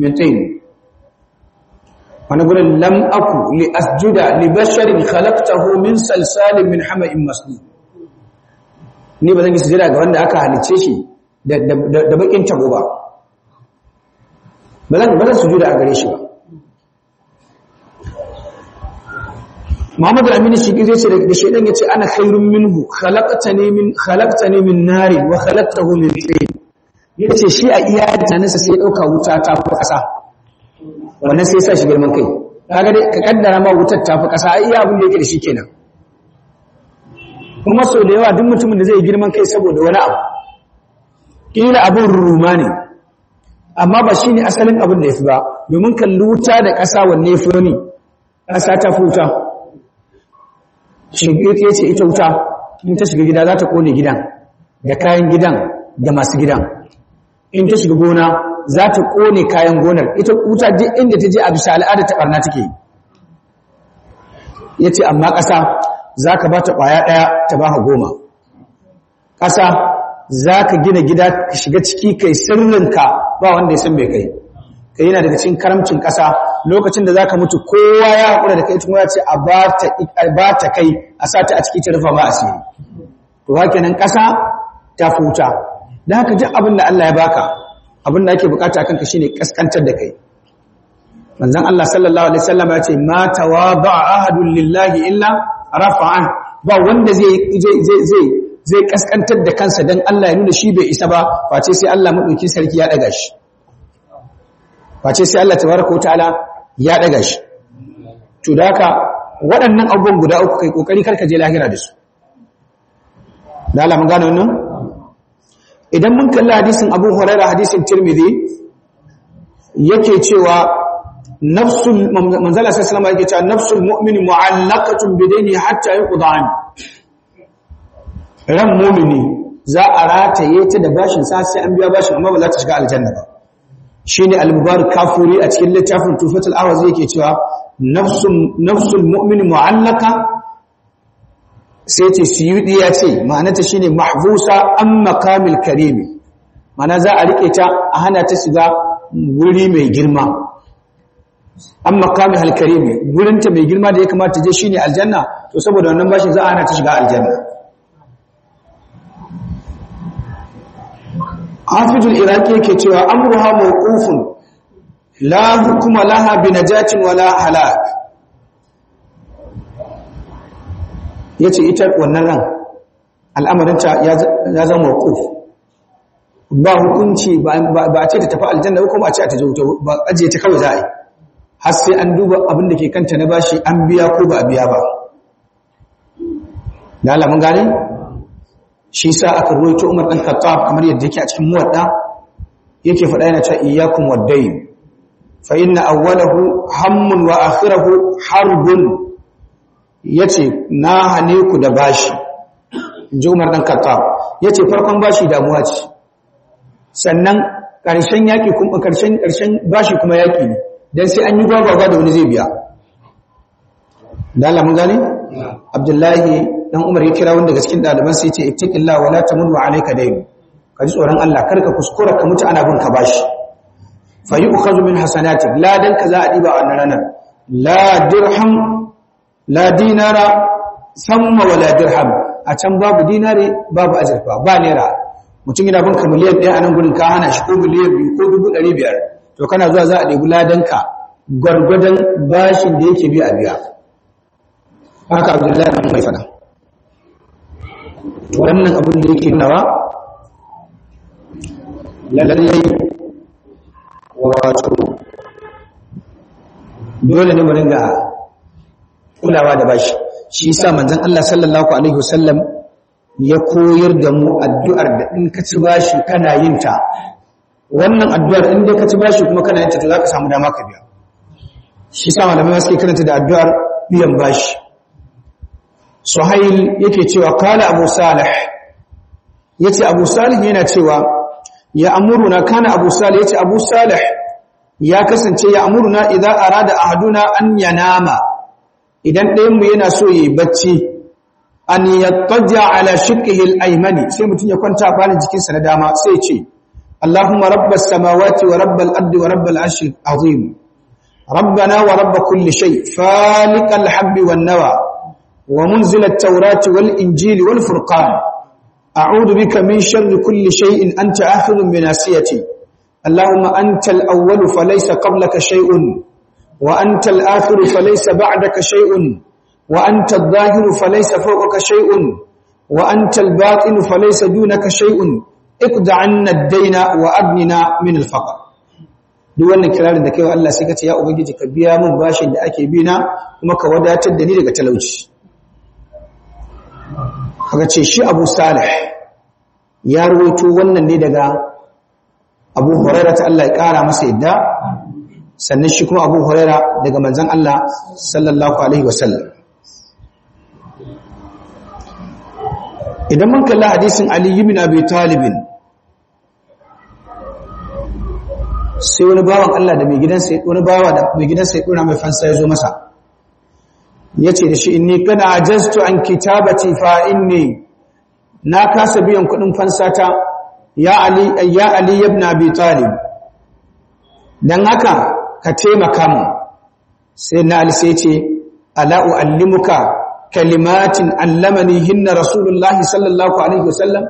min tin wani gurin lam aku li asjuda li basharin khalaqtahu min salsalin min hama'in masnun ni zan yi sujuda ga wanda aka halicce shi da da bakin tabo ba ba zan su juda a gare shi ba Muhammadu Aminu shi gizo ce da shedan yace ana khairun minhu khalaqtani min khalaqtani min narin wa khalaqtahu min tin yace shi a iya tunaninsa sai dauka wuta ta fi kasa wannan sai sa shi girman kai kaga dai ka kaddara ma wutar ta fi kasa ai iya abin da yake da shi kenan kuma sau da yawa duk mutumin da zai girman kai saboda wani abu kila abun ruruma ne amma ba shi ne asalin abin da ya fi ba domin kalluta da ƙasa wanne fi ƙasa ta futa ya ce ita wuta in ta shiga gida za ta ƙone gidan da kayan gidan da masu gidan in ta shiga gona za ta ƙone kayan gonar ita wuta duk inda ta je a bisa al'ada ta barna take ce amma ƙasa za ka ba ta ƙwaya ɗaya ta ba goma ƙasa Za ka gina gida ka shiga ciki kai sirrinka ba wanda ya san mai kai kai na daga cikin karamcin ƙasa lokacin da za ka mutu kowa ya haƙura da kai tun ya ce a ba ta kai a sata a ciki ta rufa ma asiri to haka nan kasa ta futa dan haka duk abin da Allah ya baka abin da ake bukata kanka shine kaskantar da kai manzon Allah sallallahu alaihi ya ce ma tawada'a ahadun lillahi illa rafa'an ba wanda zai zai zai kaskantar da kansa don Allah ya nuna shi bai isa ba face sai Allah madauki sarki ya ɗaga shi face sai Allah tabaraka ta'ala ya ɗaga shi to da haka waɗannan abubuwan guda uku kai kokari karka je lahira da su da Allah mun gane wannan idan mun kalli hadisin Abu Hurairah hadisin Tirmidhi yake cewa nafsul manzala sallallahu alaihi wasallam yake cewa nafsul mu'min mu'allaqatun bidaini hatta yuqda an ran mumini za a rataye ta da bashin sa sai an biya bashin amma ba za ta shiga aljanna ba shine al-mubarak kafuri a cikin littafin tufatul awazi yake cewa nafsun nafsul mu'min mu'allaka sai ce suyudi ya ce ma'anarta shine mahfusa an makamil karimi ma'ana za a rike ta a hana ta shiga wuri mai girma an makamil karimi Wurinta mai girma da ya kamata ta je shine aljanna to saboda wannan bashin za a hana ta shiga aljanna hafizul iraki yake cewa amruha mawqufun la hukuma laha bi najatin wala halak yace ita wannan ran ta ya zama mawquf ba hukunci ba a ce ta tafi aljanna ko kuma a ce ta je wuta ba aje ta kawai za'i yi har sai an duba abin da ke kanta na bashi an biya ko ba a biya ba da alamun gane shi sa aka ruwaito Umar dan Khattab kamar yadda yake a cikin muwadda yake faɗa yana cewa iyyakum waddayn fa inna awwalahu hammun wa akhirahu harbun yace na hane ku da bashi inji Umar ɗan Khattab yace farkon bashi damuwa ce sannan ƙarshen yaki kuma ƙarshen ƙarshen bashi kuma yaki ne dan sai an yi gwagwagwa da wani zai biya da mun gane Abdullahi dan Umar ya kira wanda daga cikin ɗaliban sai ce ittaqillah wala tamudu alayka dayn ka ji tsoron Allah kar ka kuskura ka mutu ana bin ka bashi fa yu'khadhu min hasanatik la dan ka za a diba wannan ranar la dirham la dinara samma wala dirham a can babu dinare babu azurfa ba naira mutum yana bin ka miliyan 1 a nan ka hana shi ko miliyan 2 ko 500 to kana zuwa za a debi ladanka gwargwadon bashin da yake biya a biya haka abdullahi bin mai fada wannan abin da yake nawa lallai wato dole ne mu ringa kulawa da bashi shi yasa manzon Allah sallallahu alaihi wasallam ya koyar da mu addu'ar da in ka ci bashi kana yin ta wannan addu'ar in dai ka ci bashi kuma kana yin ta to zaka samu dama ka biya shi yasa malamai suke karanta da addu'ar biyan bashi suhail yake cewa kala abu salih ce abu salih yana cewa ya amuruna kana abu salih ce abu salih ya kasance ya amuruna idan arada ahaduna an yanama idan ɗayanmu mu yana so yayi bacci an yattaja ala shikhihi al-aymani sai mutum ya kwanta bani jikin sa na dama sai ce Allahumma rabbas samawati wa rabbal ardi wa rabbal arshil azim rabbana wa rabb kulli shay faliqal habbi nawa ومنزل التوراة والإنجيل والفرقان أعوذ بك من شر كل شيء أنت آخذ بناسيتي اللهم أنت الأول فليس قبلك شيء وأنت الآخر فليس بعدك شيء وأنت الظاهر فليس فوقك شيء وأنت الباطن فليس دونك شيء اقض عنا الدين وأبننا من الفقر duk wannan kirarin da kai wa Allah sai ka ce ya ubangiji ka biya mun bashin da ake bina kuma ka wadatar da ni daga talauci kaga ce shi abu salih ya rawaito wannan ne daga abu huraira ta Allah ya kara masa yadda sannan shi kuma abu huraira daga manzon Allah sallallahu alaihi wasallam idan mun kalla hadisin Ali ibn Abi Talib sai wani bawan Allah da mai gidansa wani bawa ya mai fansa ya zo masa yace da shi inni kana ajastu an kitabati fa inni na kasa biyan kudin fansata ya ali ya ali ibn abi talib dan haka ka taimaka mu sai na ali sai ce ala uallimuka kalimatin allamani hinna rasulullahi sallallahu alaihi wasallam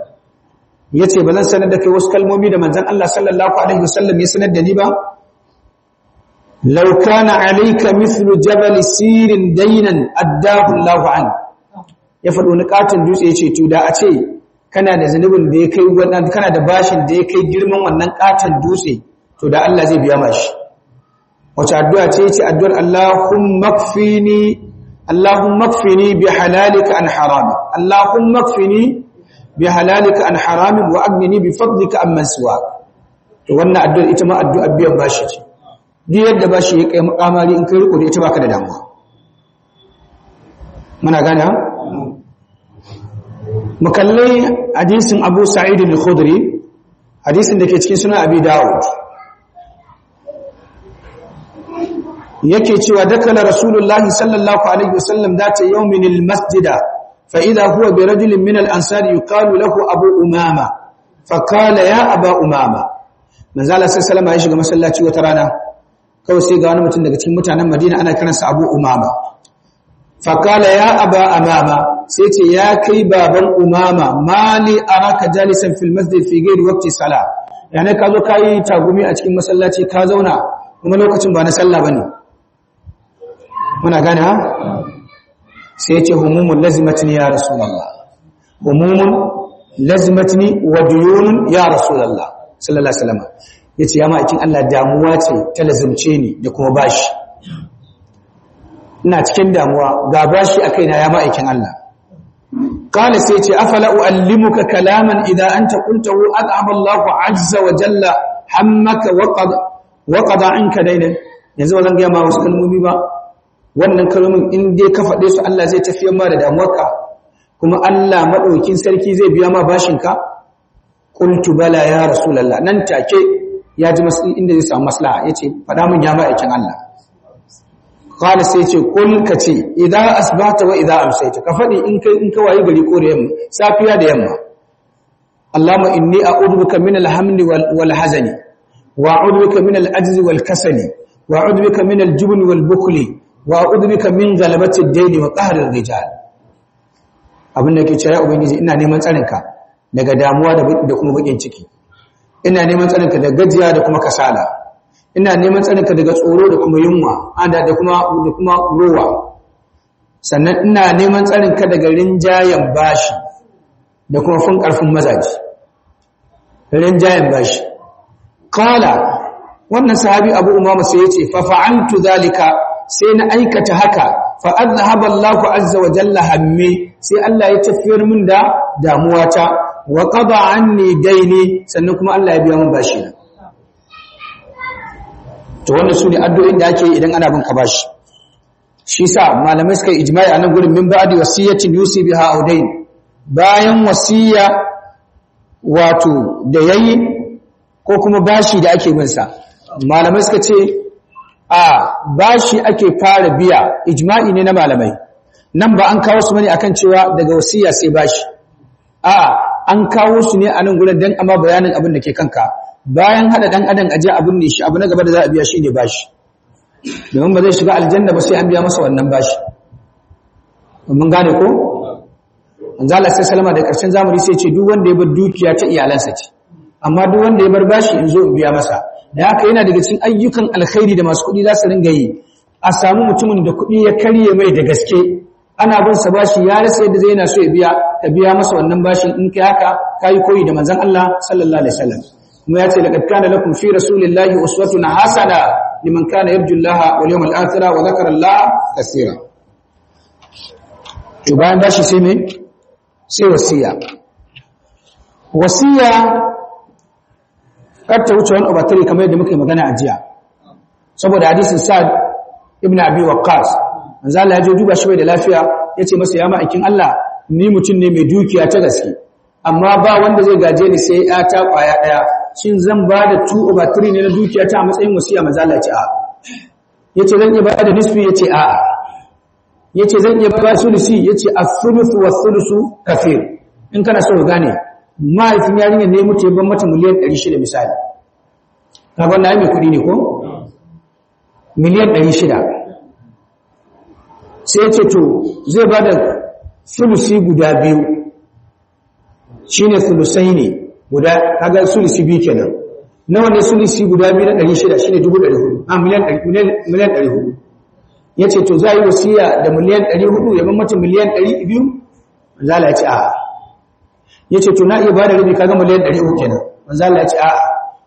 yace bazan sanar da kai wasu kalmomi da manzon Allah sallallahu alaihi wasallam ya sanar da ni ba لو كان عليك مثل جبل سير دينا أداه الله عنه ya faɗo ni katin dutse ya ce to da a ce kana da zanubin da ya wannan kana da bashin da ya girman wannan katin dutse to da Allah zai biya mashi wace addu'a ce ce addu'ar Allahumma kfini Allahumma kfini bi halalika an harami Allahumma kfini bi halalika an harami wa agnini bi fadlika amman siwak to wannan addu'ar ita ma addu'a biyan bashi ce duk yadda ba shi ya kai makamari in kai riko da ita baka da damuwa muna gane mu kalli hadisin Abu Sa'id al-Khudri hadisin dake cikin sunan Abi Dawud yake cewa dakala Rasulullah sallallahu alaihi wasallam data yawmin al-masjida fa idha huwa bi rajulin min al-ansar yuqalu lahu Abu Umama fa ya Aba Umama manzo Allah sallallahu alaihi wasallam ya shiga masallaci wata rana kawai sai ga wani mutum daga cikin mutanen Madina ana kiransa Abu Umama fakala ya aba amama sai ce ya kai baban umama mali araka jalisan fil masjid fi ghairi waqti salah yana ka zo kai tagumi a cikin masallaci ka zauna kuma lokacin ba na sallah bane muna gane ha sai ce humumul lazimatni ya rasulullah humumul lazimatni wa duyunun ya rasulullah sallallahu alaihi ya ce ya ma'aikin Allah damuwa ce ta lazumce ni da kuma bashi ina cikin damuwa ga bashi a kaina ya ma'aikin Allah qala sai ce afala uallimuka kalaman idza anta qultahu ad'aba Allahu azza wa jalla hammaka wa qad wa qada anka dainan yanzu bazan ga ma wasu kalmomi ba wannan kalmomin in dai ka faɗe su Allah zai tafiyar ma da damuwarka kuma Allah madaukin sarki zai biya ma bashinka qultu bala ya rasulullah nan take ya ji inda zai samu maslaha ya ce faɗa mun ya ma'aikin Allah kala sai ce kul ka ce idan asbata wa idan amsaita ka faɗi in kai in wayi gari ko da yamma safiya da yamma Allahumma inni a'udhu bika min al wal hazani wa a'udhu min al wal kasali wa a'udhu min al wal bukli wa a'udhu min ghalabati ad wa qahri ar-rijal abin da yake cewa ubangiji ina neman tsarinka daga damuwa da kuma bakin ciki ina neman tsarinka daga gajiya da kuma kasala ina neman tsarinka daga tsoro da kuma yunwa da kuma da kuma rowa sannan ina neman tsarinka daga rinjayen bashi da kuma fun karfin mazaji rinjayen bashi Kala. wannan sahabi Abu Umama sai yace fa fa'antu zalika sai na aikata haka fa azhaba Allahu azza wa jalla hammi sai Allah ya tafiyar min da damuwata wa qada anni daini sannan kuma Allah ya biya mun bashi na to wannan sune addu'o'in da ake idan ana bin ka bashi shi sa malamai suka ijma'i anan gurin min ba'di wasiyatin yusi biha audain bayan wasiya wato da yayi ko kuma bashi da ake bin sa malamai suka ce a bashi ake fara biya ijma'i ne na malamai nan ba an kawo su bane akan cewa daga wasiya sai bashi a an kawo su ne a nan gudan dan amma bayanin abin da ke kanka bayan hada dan adam aje abin ne shi abu na gaba da za a biya shi ne bashi domin ba zai shiga aljanna ba sai an biya masa wannan bashi mun gane ko manzo Allah sai salama da karshen zamani sai ce duk wanda ya bar dukiya ta iyalansa ce amma duk wanda ya bar bashi in zo in biya masa da haka yana daga cikin ayyukan alkhairi da masu kuɗi za su ringa yi a samu mutumin da kuɗi ya karye mai da gaske ana bin sa bashi ya rasa yadda zai yana so ya biya ka biya masa wannan bashin in kai haka kai koyi da manzon Allah sallallahu alaihi wasallam kuma ya ce laqad kana lakum fi rasulillahi uswatun hasana liman kana yarju Allah wal yawmal akhir wa dhakara Allah kaseera to bayan bashi sai me sai wasiya wasiya kar ta wuce wani obatari kamar yadda muka yi magana a jiya saboda hadisin sa'ad ibn abi waqqas manzo Allah ya je duba shi bai da lafiya yace masa ya ma'aikin Allah ni mutum ne mai dukiya ta gaske amma ba wanda zai gaje ni sai ya ta kwaya daya shin zan ba da 2 over 3 ne na dukiya ta a matsayin wasiya manzo Allah ya ce a yace zan iya ba da nisfi yace a yace zan iya ba sulusi yace as-sulusu was-sulusu kafir in kana so gane mahaifin yarinya ne mutu ya ban mata miliyan 600 misali kaga wannan mai kudi ne ko miliyan 600 sai ya ce to zai ba da sulusi guda biyu shi ne sulusai ne guda kaga sulusi biyu kenan Na wanda sulusi guda biyu na ɗari shida shi ne dubu ɗari hudu a ah, miliyan ɗari hudu ya ce to za a yi wasiya da miliyan ɗari hudu ya mamata miliyan ɗari biyu manzala ya ce a'a ya ce to na iya ba da rabi kaga miliyan ɗari uku kenan manzala ya ce a'a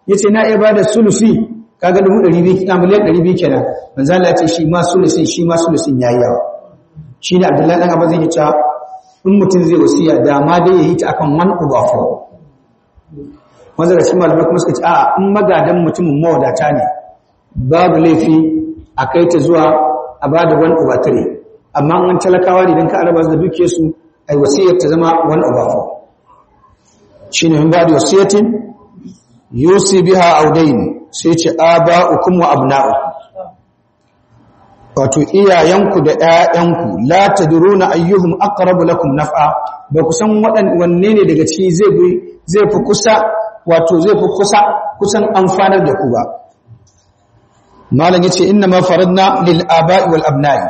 ya ce na iya ba da sulusi kaga dubu ɗari biyu ah, miliyan ɗari biyu kenan ya ce shi ma sulusin shi ma sulusin ya yi yawa shi ne abdullahi ɗan abin zai yi ta in mutum zai wasiya dama dama dai ya yi ta akan one over four wanda shi malamai kuma suka ce a in magadan mutumin mawadata ne babu laifi a kai ta zuwa a ba da one over three amma an talakawa ne don ka araba da duke su a wasiyar ta zama one over four shi ne ba da wasiyatin yusi biha audain sai ce aba'ukum wa wato iyayenku da ƴaƴanku la tadruna ayyuhum aqrabu lakum naf'a ba ku san wanne ne daga ciki zai zai fi kusa wato zai fi kusa kusan amfanar da ku ba malam yace inna ma faradna lil aba'i wal abna'i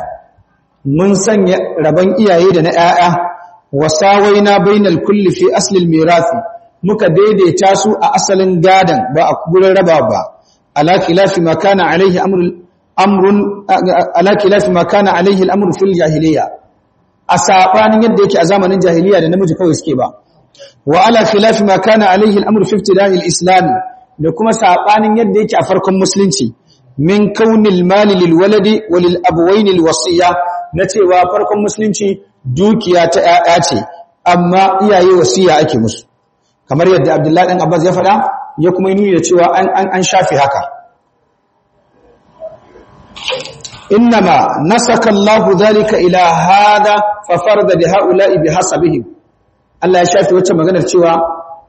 mun sanya raban iyaye da na ƴaƴa wasawaina bainal kulli fi asli al muka daidaita su a asalin gadan ba a gurin raba ba ala khilafi ma kana alaihi amrul amrun ala ma kana alaihi al fil jahiliya a saɓanin yadda yake a zamanin jahiliya da namiji kawai suke ba wa ala khilafi ma kana alaihi al-amru fi islam da kuma saɓanin yadda yake a farkon musulunci min kaunin mali lil waladi wa lil wasiya na cewa farkon musulunci dukiya ta 'ya'ya ce amma iyaye wasiya ake musu kamar yadda Abdullahi dan Abbas ya faɗa ya kuma yi nuni da cewa an an shafi haka إنما نسك الله ذلك da, هذا ففرض لهؤلاء بحسبهم Allah ya shafe wacce maganar cewa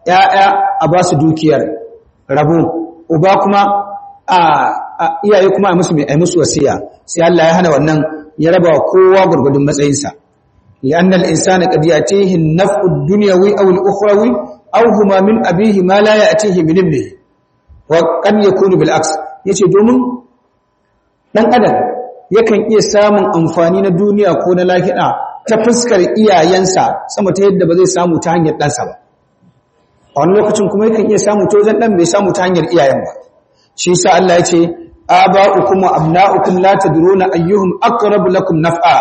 ‘ya'ya a ba su dukiyar rabu, uba kuma a iyaye kuma a musu mai musu wasiya, sai Allah ya hana wannan ya raba kowa gurgudun matsayinsa. sa insana qad yatihi an-naf'u ad-dunyawi aw al-ukhrawi aw huma min abihi ma la yatihi min ibnihi wa qad yakunu bil aks yace domin dan adam yakan iya samun amfani na duniya ko na lahira ta fuskar iyayensa sama ta yadda ba zai samu ta hanyar ɗansa ba a wani lokacin kuma yakan iya samu ta wajen ɗan bai samu ta hanyar iyayen ba shi sa Allah ya ce aba'ukum wa abna'ukum la tadruna ayyuhum aqrabu lakum naf'a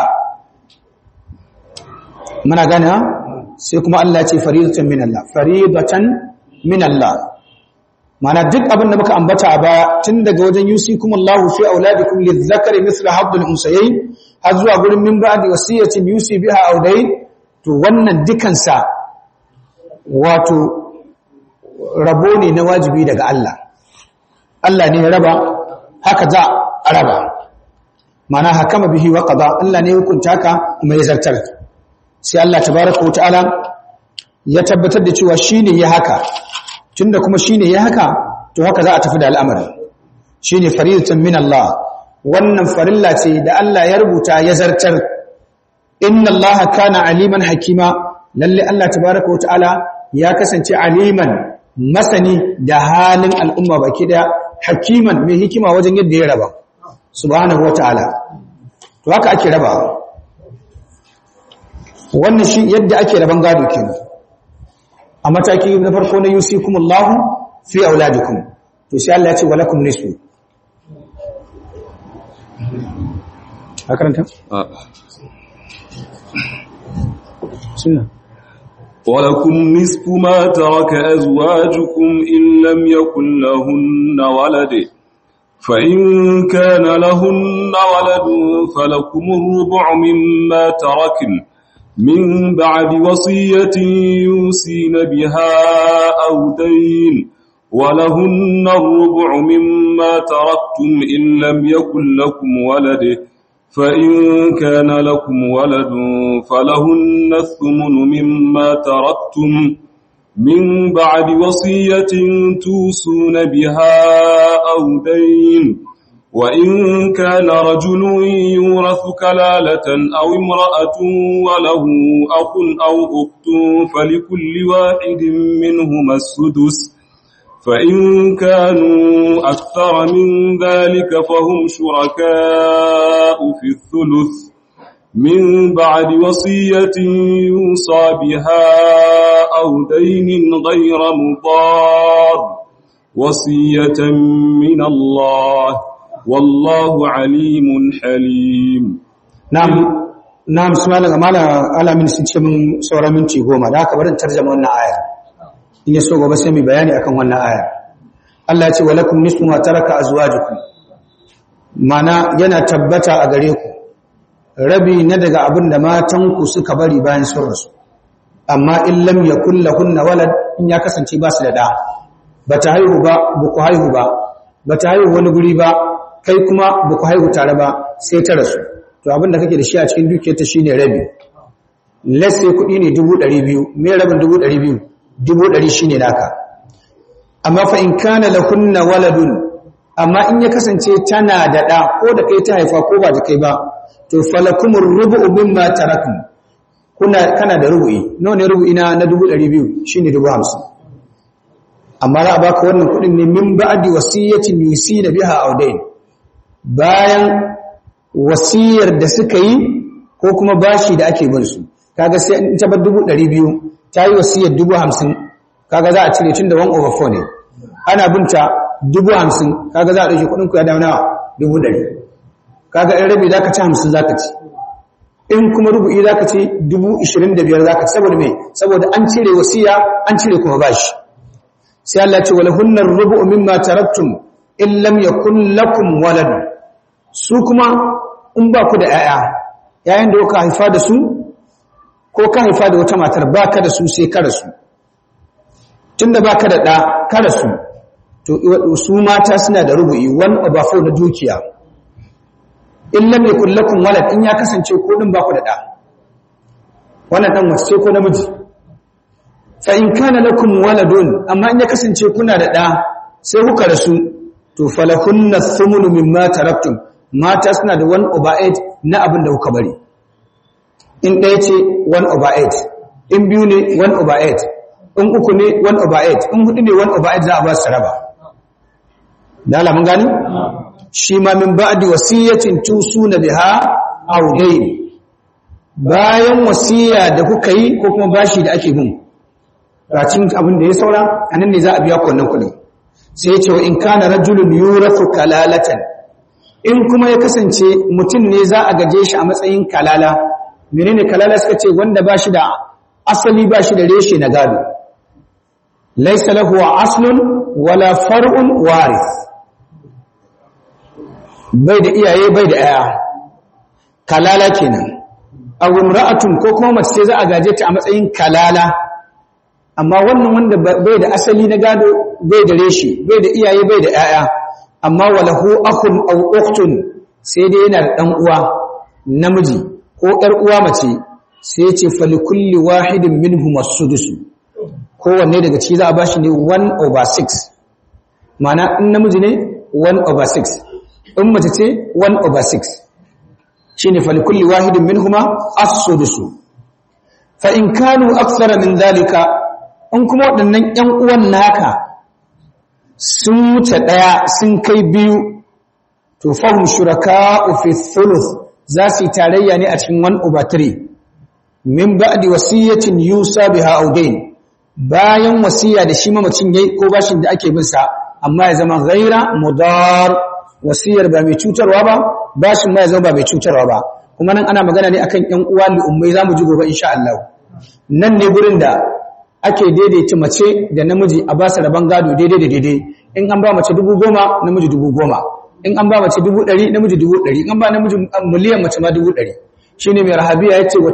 muna gane sai kuma Allah ya ce faridatan min Allah faridatan min Allah mana duk abin da muka ambata a baya tun daga wajen yusikumullahu fi auladikum lizakari mithla haddul unsayayn har zuwa gurin min ba'di wasiyatin yusi biha audayn to wannan dukan sa wato rabo ne na wajibi daga Allah Allah ne ya raba haka za a raba mana hakama bihi wa qada Allah ne ya hukunta ka kuma ya zartar sai Allah tabaraka wa ta'ala ya tabbatar da cewa shine ya haka tunda kuma shine ya haka to haka za a tafi da al'amarin shine faridatan min Allah wannan farilla ce da Allah ya rubuta ya zartar inna Allah kana aliman hakima lalle Allah tabaaraka wa ta'ala ya kasance aliman masani da halin al'umma baki daya hakiman mai hikima wajen yadda ya raba subhanahu wataala to haka ake raba wannan shi yadda ake raban gado kenan a mataki na farko na yusikumullahu fi auladikum to sai Allah ya ce walakum nisfu a karanta sunna ولكم نصف ما ترك أزواجكم إن لم يكن لهن ولد فإن كان لهن ولد فلكم الربع مما تركن من بعد وصية يوسين بها أو دين ولهن الربع مما تركتم إن لم يكن لكم ولد فإن كان لكم ولد فلهن الثمن مما تركتم من بعد وصية توسون بها أو دين وإن كان رجل يورث كلالة أو امرأة وله أخ أو أخت فلكل واحد منهما السدس فإن كانوا أكثر من ذلك فهم شركاء في الثلث من بعد وصية يوصى بها أو دين غير مضار وصية من الله wallahu alimun halim na'am na musamman ga alamin sun ce mun sauran minti goma da aka barin tarjama wannan aya in ya so gobe sai mu bayani akan wannan aya Allah ya ce walakum nisfu ma taraka azwajukum mana yana tabbata a gare ku rabi na daga abin da matan ku suka bari bayan sun rasu amma in lam yakul lahun walad in ya kasance ba su da da bata haihu ba buku haihu ba bata haihu wani guri ba kai kuma ba ku haihu tare ba sai ta rasu to abin da kake da shi a cikin dukiyarta shine rabi lesse kuɗi ne dubu mai me rabin dubu ɗari biyu shine naka amma fa in kana lahunna waladun amma in ya kasance tana da ɗa ko da kai ta haifa ko ba da kai ba to falakumur rubu'u mimma tarakum kuna kana da rubu'i nawa ne rubu'i na na 200 shine 250 amma za a baka wannan kuɗin ne min ba'di wasiyatin yusina biha audain bayan wasiyar da suka yi ko kuma bashi da ake bin su kaga sai in ta bar 200 ta yi wasiyar 50 kaga za a cire tun da 1 over 4 ne ana binta 50 kaga za a dauki kudin ku ya na dubu 100 kaga in rabi zaka ci 50 zaka ci in kuma rubu'i zaka ci dubu 25 zaka ci saboda me saboda an cire wasiya an cire kuma bashi sai Allah ya ce walahunnar rubu'u mimma taraktum in lam yakun lakum walad su kuma in ba ku da yaya yayin da kuka haifa da su ko ka haifa da wata matar baka da su sai ka rasu tunda baka da da ka rasu to su mata suna da rubu'i wan over na dukiya in lam yakun lakum walad in ya kasance ko din ba ku da da wannan dan wace ko namiji fa in kana lakum waladun amma in ya kasance kuna da da sai kuka rasu to falakunna thumnu mimma taraktum mata suna da 1 over 8 na abin da kuka bari in ɗaya ce 1 over 8 in biyu ne 1 over 8 in uku ne 1 over 8 in hudu ne 1 over 8 za a ba su raba da ala mun gani shi ma min ba'di wasiyatin tusuna biha aw dayn bayan wasiya da kuka yi ko kuma bashi da ake bin racin abin da ya saura anan ne za a biya ku wannan kuɗin sai ce wa in kana rajulun yurafu kalalatan in kuma ya kasance mutum ne za a gaje shi a matsayin kalala menene kalala suka ce wanda ba shi da asali ba shi da reshe na gado laysa lahu aslun wala far'un waris bai da iyaye bai da aya kalala kenan aw imra'atun ko kuma mace za a gaje ta a matsayin kalala amma wannan wanda bai da asali na gado bai da reshi bai da iyaye bai da yaya amma walahu akhun aw ukhtun sai dai yana da dan uwa namiji ko ƴar uwa mace sai ya ce kulli wahidin minhum as-sudus kowanne daga ci za a bashi ne 1 over 6 mana in namiji ne 1 over 6 in mace ce 1 over 6 shine kulli wahidin minhum as-sudus fa in kanu akthara min dhalika in kuma waɗannan ‘yan uwan naka sun wuce ɗaya sun kai biyu to fahim shuraka ufi thuluth za su yi tarayya ne a cikin wani ubatiri min ba'di wasiyyacin yusa bi audain bayan wasiyya da shi mamacin yayi ko bashin da ake bin sa amma ya zama zaira mudar wasiyyar ba mai cutarwa ba bashin ma ya zama ba mai cutarwa ba kuma nan ana magana ne akan yan uwa li’ummai za mu ji gobe insha Allah nan ne gurin da ake daidaita mace da namiji a ba su rabon gado daidai da daidai in an ba mace dubu goma namiji dubu goma in an ba mace dubu ɗari namiji dubu ɗari in an ba namiji miliyan mace ma dubu ɗari shi ne mai rahabiya ya ce wa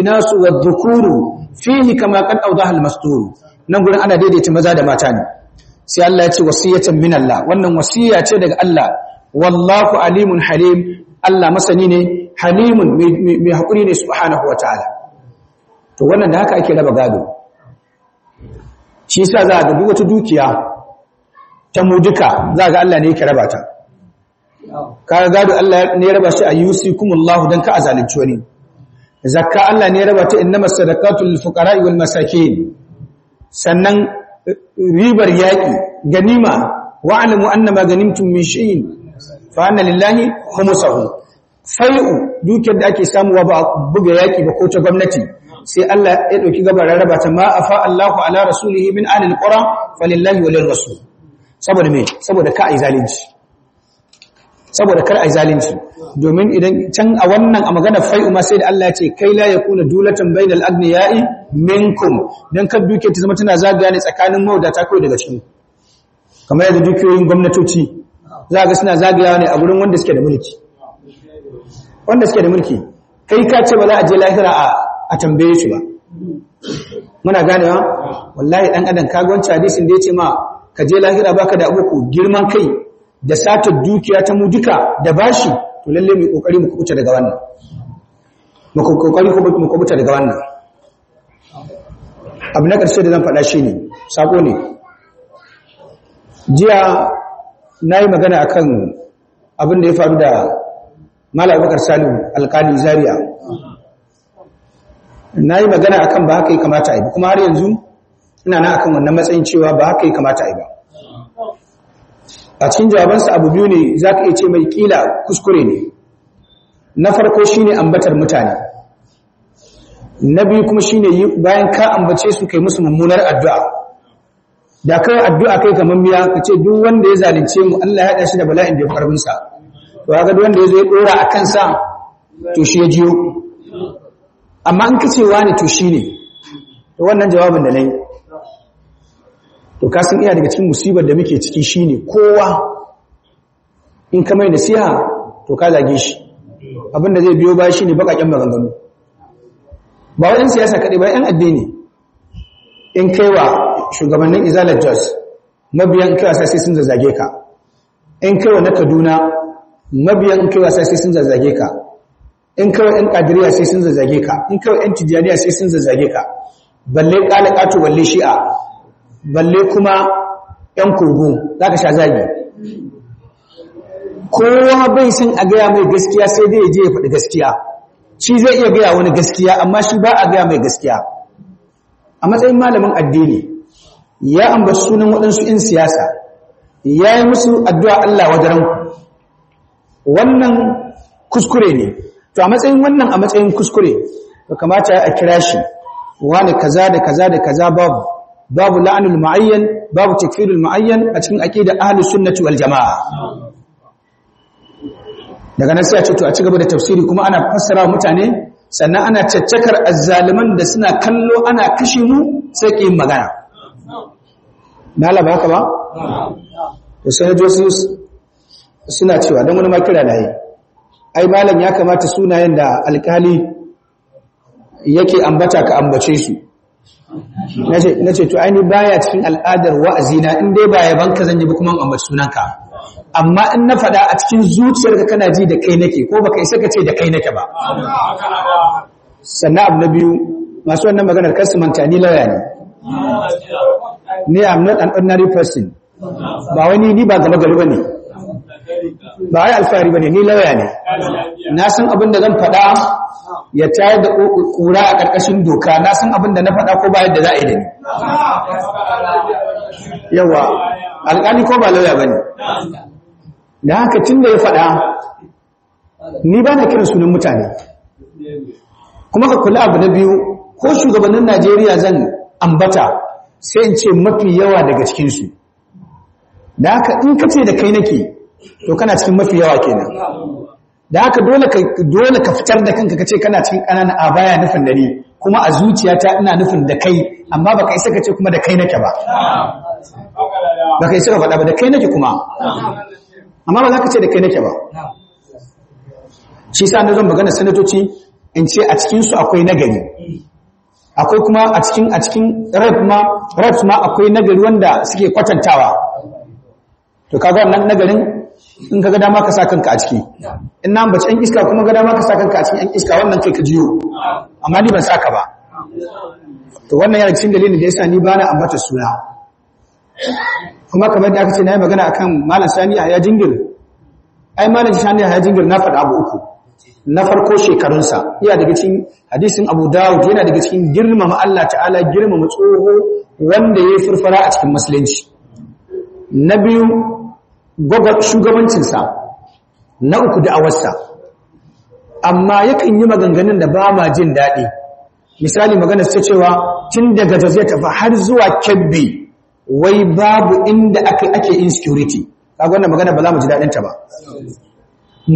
ina su wa dhukuru fihi kama kan awdaha halmasturu nan gurin ana daidaita maza da mata ne sai Allah ya ce wasiyyatan min Allah wannan wasiyya ce daga Allah wallahu alimun halim Allah masani ne halimun mai haƙuri ne subhanahu ta'ala, to wannan da haka ake raba gado shi yasa za ga duk wata dukiya ta mu duka za ga Allah ne yake raba ta kaga gado Allah ne ya raba shi ayyusikumullahu dan ka zalunci wani zakka Allah ne ya raba ta innamas ma lil fuqara'i wal masakin sannan ribar yaki ganima wa'lamu annama ganimtum min shay'in fa anna lillahi khumsahu fai'u dukiyar da ake samuwa ba buga yaki ba ko ta gwamnati sai Allah ya dauki gabar rarraba ta ma afa Allahu ala rasulihi min alil qura falillahi walil rasul saboda me saboda ka ai zalunci saboda kar ai zalunci domin idan can a wannan a maganar fai'u ma sai da Allah ya ce kai la yakuna dulatan bainal agniya'i minkum dan ka duke ta zama tana zagaya ne tsakanin mawadata kai daga cikin kamar yadda dukiyoyin gwamnatoci za ga suna zagayawa ne a gurin wanda suke da mulki wanda suke da mulki kai ka ce ba za a je lahira a a tambaye shi ba muna gane ganewa wallahi dan adam kaga wancan hadisin da yace ma ka je lahira baka da abuku girman kai da sata dukiya ta mu duka da bashi to lalle mu kokari mu kubuta daga wannan mu kokari mu kubuta daga wannan Abin da karshe da zan faɗa shi ne sako ne jiya na yi magana akan abin da ya faru da malamin bakar salim alkali zaria na yi magana akan ba haka ya kamata a yi kuma har yanzu ina na akan wannan matsayin cewa ba haka ya kamata a yi ba a cikin jawabansa abu biyu ne za ka iya ce mai kila kuskure ne na farko shi ne ambatar mutane na biyu kuma shi ne bayan ka ambace su kai musu mummunar addu'a da kai addu'a kai kamar miya ka ce duk wanda ya zalunce mu Allah ya ɗashi da bala'in da ya faruwinsa to ga duk wanda ya zo ya ɗora a kansa to shi ya jiyo amma an kace wani to shine to wannan jawabin da nayi to ka san iya daga cikin musibar da muke ciki shine kowa in ka mai nasiha to ka zage shi abinda zai biyo baya shine bakakken maganganu ba wajen siyasa kadai ba ɗan addini in kaiwa shugabannin izalar jos mabiyan kaiwa sai sun zage ka in kaiwa na kaduna mabiyan kaiwa sai sun zage ka in kawai ‘yan ƙadiriya sai sun zazage ka in kawai ‘yan tijjaniya sai sun zazzage ka balle ƙalaƙatu balle shi'a balle kuma ‘yan kurgu za ka sha zagi kowa bai san a gaya mai gaskiya sai dai ya je ya faɗi gaskiya shi zai iya gaya wani gaskiya amma shi ba a gaya mai gaskiya a matsayin malamin addini ya ambaci sunan waɗansu ‘yan siyasa ya yi musu addu'a Allah wajen wannan kuskure ne to a matsayin wannan a matsayin kuskure ba kamata a kira shi wani kaza da kaza da kaza babu babu la'anul ma’ayyan, babu takfirul ma'ayyan a cikin aqida ahli, sunnati wal jamaa daga nan sai a ce to a ci gaba da tafsiri kuma ana fassara mutane sannan ana caccakar azzaliman da suna kallo ana kashe mu sai ke magana dala ba haka ba to sai suna cewa don wani ma kira laye ai malam ya kamata sunayen da alkali yake ambata ka ambace su nace ce to ai ni baya cikin al'adar wa'azina in dai baya banka ka zan yi kuma ambaci sunanka amma in na faɗa a cikin zuciyarka kana ji da kai nake ko baka isa ka ce da kai nake ba sannan abu na biyu masu wannan maganar kasu manta ni lauya ne ni am not an ordinary person ba wani ni ba gaba gari ba ne ba wai alfahari ne ni lawaya ne na san abin da zan faɗa ya tayar da kura a ƙarƙashin doka na san abin da na faɗa ko ba yadda za a yi da ni yawa alƙali ko ba lawaya ne. da haka tun da ya faɗa ni ba na kiran sunan mutane kuma ka kula abu na biyu ko shugabannin Najeriya zan ambata sai in ce mafi yawa daga cikinsu da haka in ka ce da kai nake to kana cikin mafi yawa kenan da haka dole ka dole ka fitar da kanka kace kana cikin ƙananan baya nufin da ni kuma a zuciyata ina nufin da kai amma baka isa kace kuma da kai nake ba baka isa ka faɗa ba da kai nake kuma amma ba za ka ce da kai nake ba shi sa na zan magana sanatoci in ce a cikin su akwai nagari akwai kuma a cikin a cikin rep ma reps ma akwai nagari wanda suke kwatantawa to kaga wannan nagarin in ka ga dama ka sa kanka a ciki in na ambaci yan iska kuma ga dama ka sa kanka a ciki yan iska wannan ce ka jiyo amma ni ban ka ba to wannan yana cikin dalilin da yasa ni bana ambata suna kuma kamar da aka ce nayi magana akan malam Sani a ya jingir ai malam Sani a ya jingir na faɗa abu uku na farko shekarunsa yana daga cikin hadisin Abu Dawud yana daga cikin girmama Allah ta'ala girmama tsoho wanda yayi furfara a cikin musulunci na biyu shugabancinsa na uku da'awarsa amma yakan yi maganganun da ba ma jin daɗi misali magana su cewa tun daga ta zai tafi har zuwa kebbi wai babu inda ake ake insecurity kaga wannan magana ba za mu ji daɗinta ba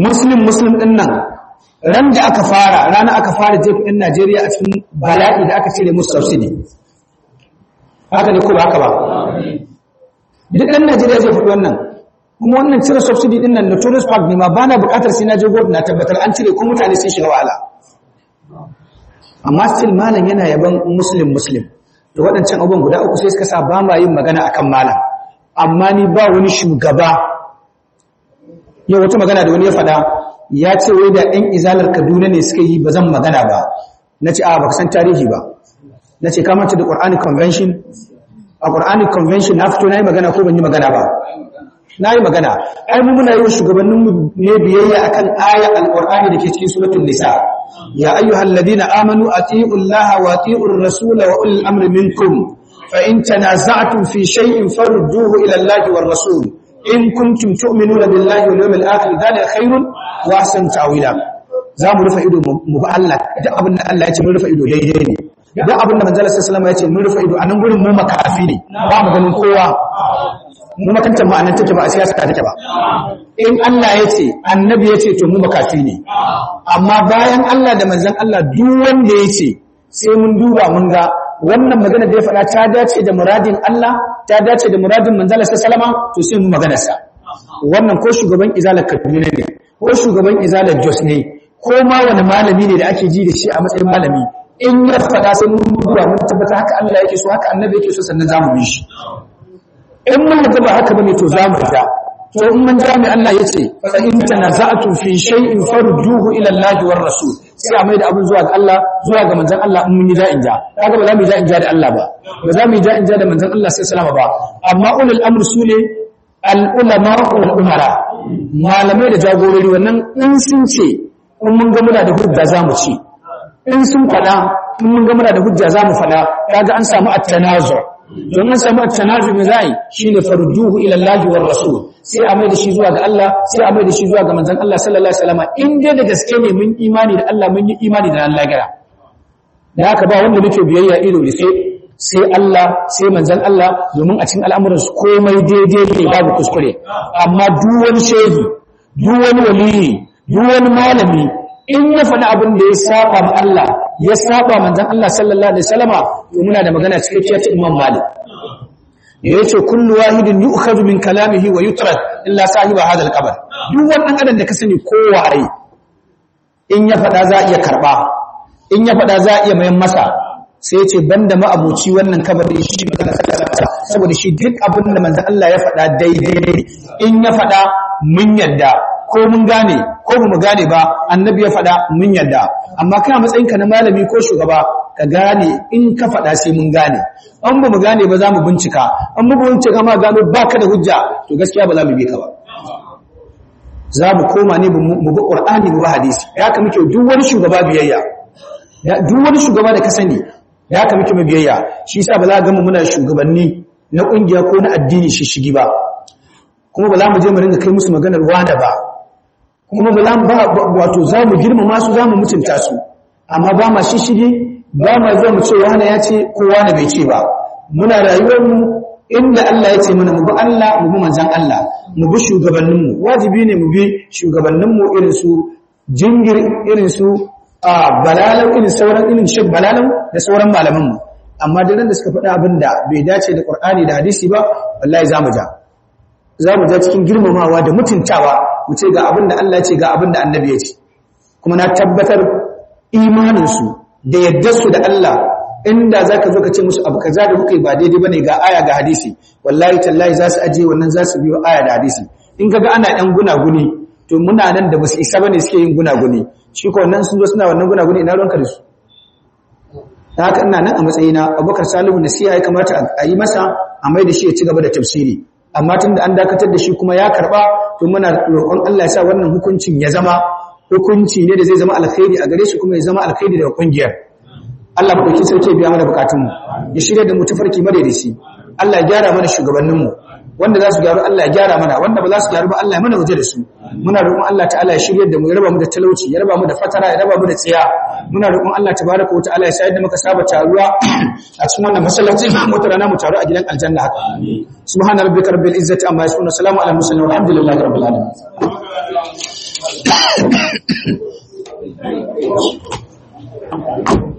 muslim muslim ɗin nan ran da aka fara rana aka fara jefi ɗin Najeriya a cikin bala'i da aka cire musu subsidy haka ne ko ba haka ba duk ɗan Najeriya zai faɗi wannan kuma wannan cire subsidy din nan notorious park ne ma ba na buƙatar sai na je gold na tabbatar an cire ko mutane sun shiga wahala amma still malam yana yaban muslim muslim da waɗancan abubuwan guda uku sai suka sa ba ma yin magana akan malam amma ni ba wani shugaba yau wata magana da wani ya faɗa ya ce wai da ɗan izalar kaduna ne suka yi ba zan magana ba na ce a baka san tarihi ba na ce kamata da ƙwar'ani convention a ƙwar'ani convention na fito na yi magana ko ban yi magana ba na yi magana ai mu muna yi wa shugabanninmu ne biyayya akan aya da ke cikin suratul nisa ya ayyuhal ladina amanu atiiu allaha wa atiiur rasula wa ulil amri minkum fa in tanaza'tum fi shay'in farudduhu ila allahi war rasul in kuntum tu'minuna billahi wal yawmil akhir dhalika khairun wa ahsanu ta'wila za mu rufe ido mu ba Allah duk abin da Allah ya ce mu rufe ido daidai ne duk abin da manzala sallallahu alaihi wasallam ya ce mun rufe ido anan gurin mu makafi ne ba mu ganin kowa mu makantar ma'anar take ba a siyasa take ba in Allah ya ce annabi ya ce to mu makafi ne amma bayan Allah da manzan Allah duk wanda ya ce sai mun duba mun ga wannan magana da ya faɗa ta dace da muradin Allah ta dace da muradin manzon Allah sallama to sai mu magana sa wannan ko shugaban izalar Kaduna ne ko shugaban izalar Jos ne ko ma wani malami ne da ake ji da shi a matsayin malami in ya faɗa sai mun duba mun tabbata haka Allah yake so haka annabi yake so sannan zamu bi shi in mun yadda haka bane to zamu mu ja to in mun ja mai Allah yace fa in tanaza'tum fi shay'in farduhu ila Allah war rasul sai a maida abun zuwa ga Allah zuwa ga manzon Allah in mun yi ja'in ja kaga ba za mu yi ja'in ja da Allah ba ba za mu yi ja'in ja da manzon Allah sai salama ba amma ulul amr sune al ulama wal umara malamai da jagorori wannan in sun ce in mun ga muna da hujja za mu ci in sun faɗa in mun ga muna da hujja za mu fada kaga an samu at-tanazur domin samu tanazul mai zai ne farduhu ila Allah wa rasul sai a mai da shi zuwa ga Allah sai a mai da shi zuwa ga manzon Allah sallallahu alaihi wasallam in dai da gaske ne mun imani da Allah mun yi imani da Allah gara da haka ba wanda muke biyayya ido ne sai sai Allah sai manzon Allah domin a cikin al'amuran su komai daidai ne babu kuskure amma duk wani shehu duk wani waliyi duk wani malami in ya faɗi abin da ya saba ma Allah ya saba manzan Allah sallallahu alaihi wasallama to muna da magana cikakkiya ta Imam Malik ce, kullu wahidin yu'khadhu min kalamihi wa yutrak illa sahiba hadha al-qabr duk wannan adan da ka sani kowa ai in ya faɗa za iya karba in ya faɗa za iya mayan masa sai ce banda ma abuci wannan kabari shi magana saboda shi duk abin da manzan Allah ya faɗa daidai in ya faɗa mun yadda ko mun gane ko mu gane ba annabi ya fada mun yarda amma kana ka na malami ko shugaba ka gane in ka faɗa sai mun gane an ba mu gane ba za mu bincika an mu bincika ma gano baka da hujja to gaskiya ba za mu bi ka ba za mu koma ne mu ga qur'ani mu ga hadisi ya ka muke duk wani shugaba biyayya duk wani shugaba da ka sani ya ka muke biyayya shi yasa ba za ga mu muna shugabanni na kungiya ko na addini shi shigi ba kuma ba za mu je mu ringa kai musu maganar wada ba kuma ba wato za mu girmama su za mu mutunta su amma ba ma shishigi ba ma zo mu ce wani ya ce ko bai ce ba muna rayuwar mu inda Allah ya ce mana mu bi Allah mu bi manzan Allah mu bi shugabanninmu wajibi ne mu bi shugabanninmu irin su jingir irin su a balalan irin sauran irin shi balalan da sauran malaman mu. amma duk da suka faɗa abinda bai dace da Qur'ani da hadisi ba wallahi za mu ja za mu ja cikin girmamawa da mutuntawa mu ce ga abin da Allah ce ga abin da annabi ya ce kuma na tabbatar imaninsu da yaddarsu da Allah inda zaka zo ka ce musu abu kaza da kuka yi ba daidai bane ga aya ga hadisi wallahi tallahi za su aje wannan za su biyo aya da hadisi in ka ga ana ɗan gunaguni to muna nan da basu isa bane suke yin gunaguni shi ko wannan sun zo suna wannan gunaguni ina ruwanka da su haka ina nan a matsayina abubakar salihu nasiha ya kamata a yi masa a mai da shi ya ci gaba da tafsiri amma tun da an dakatar da shi kuma ya karba to muna roƙon Allah ya sa wannan hukuncin ya zama hukunci ne da zai zama alkhairi a gare shi kuma ya zama alkhairi da kungiyar Allah madauki sauke biya mana bukatun mu ya shirya da mu tafarki madaidaici Allah ya gyara mana shugabannin mu wanda za su gyaru Allah ya gyara mana wanda ba za su gyaru ba Allah ya mana waje da su muna roƙon Allah ta'ala ya shirye da mu ya raba mu da talauci ya raba mu da fatara ya raba mu da tsiya muna roƙon Allah tabaraka wa ta'ala ya shayar yadda muka saba taruwa a cikin wannan masallaci wata rana mu taru a gidan aljanna haka amin subhana rabbika rabbil izzati amma yasifun salamu ala mursalin walhamdulillahi rabbil alamin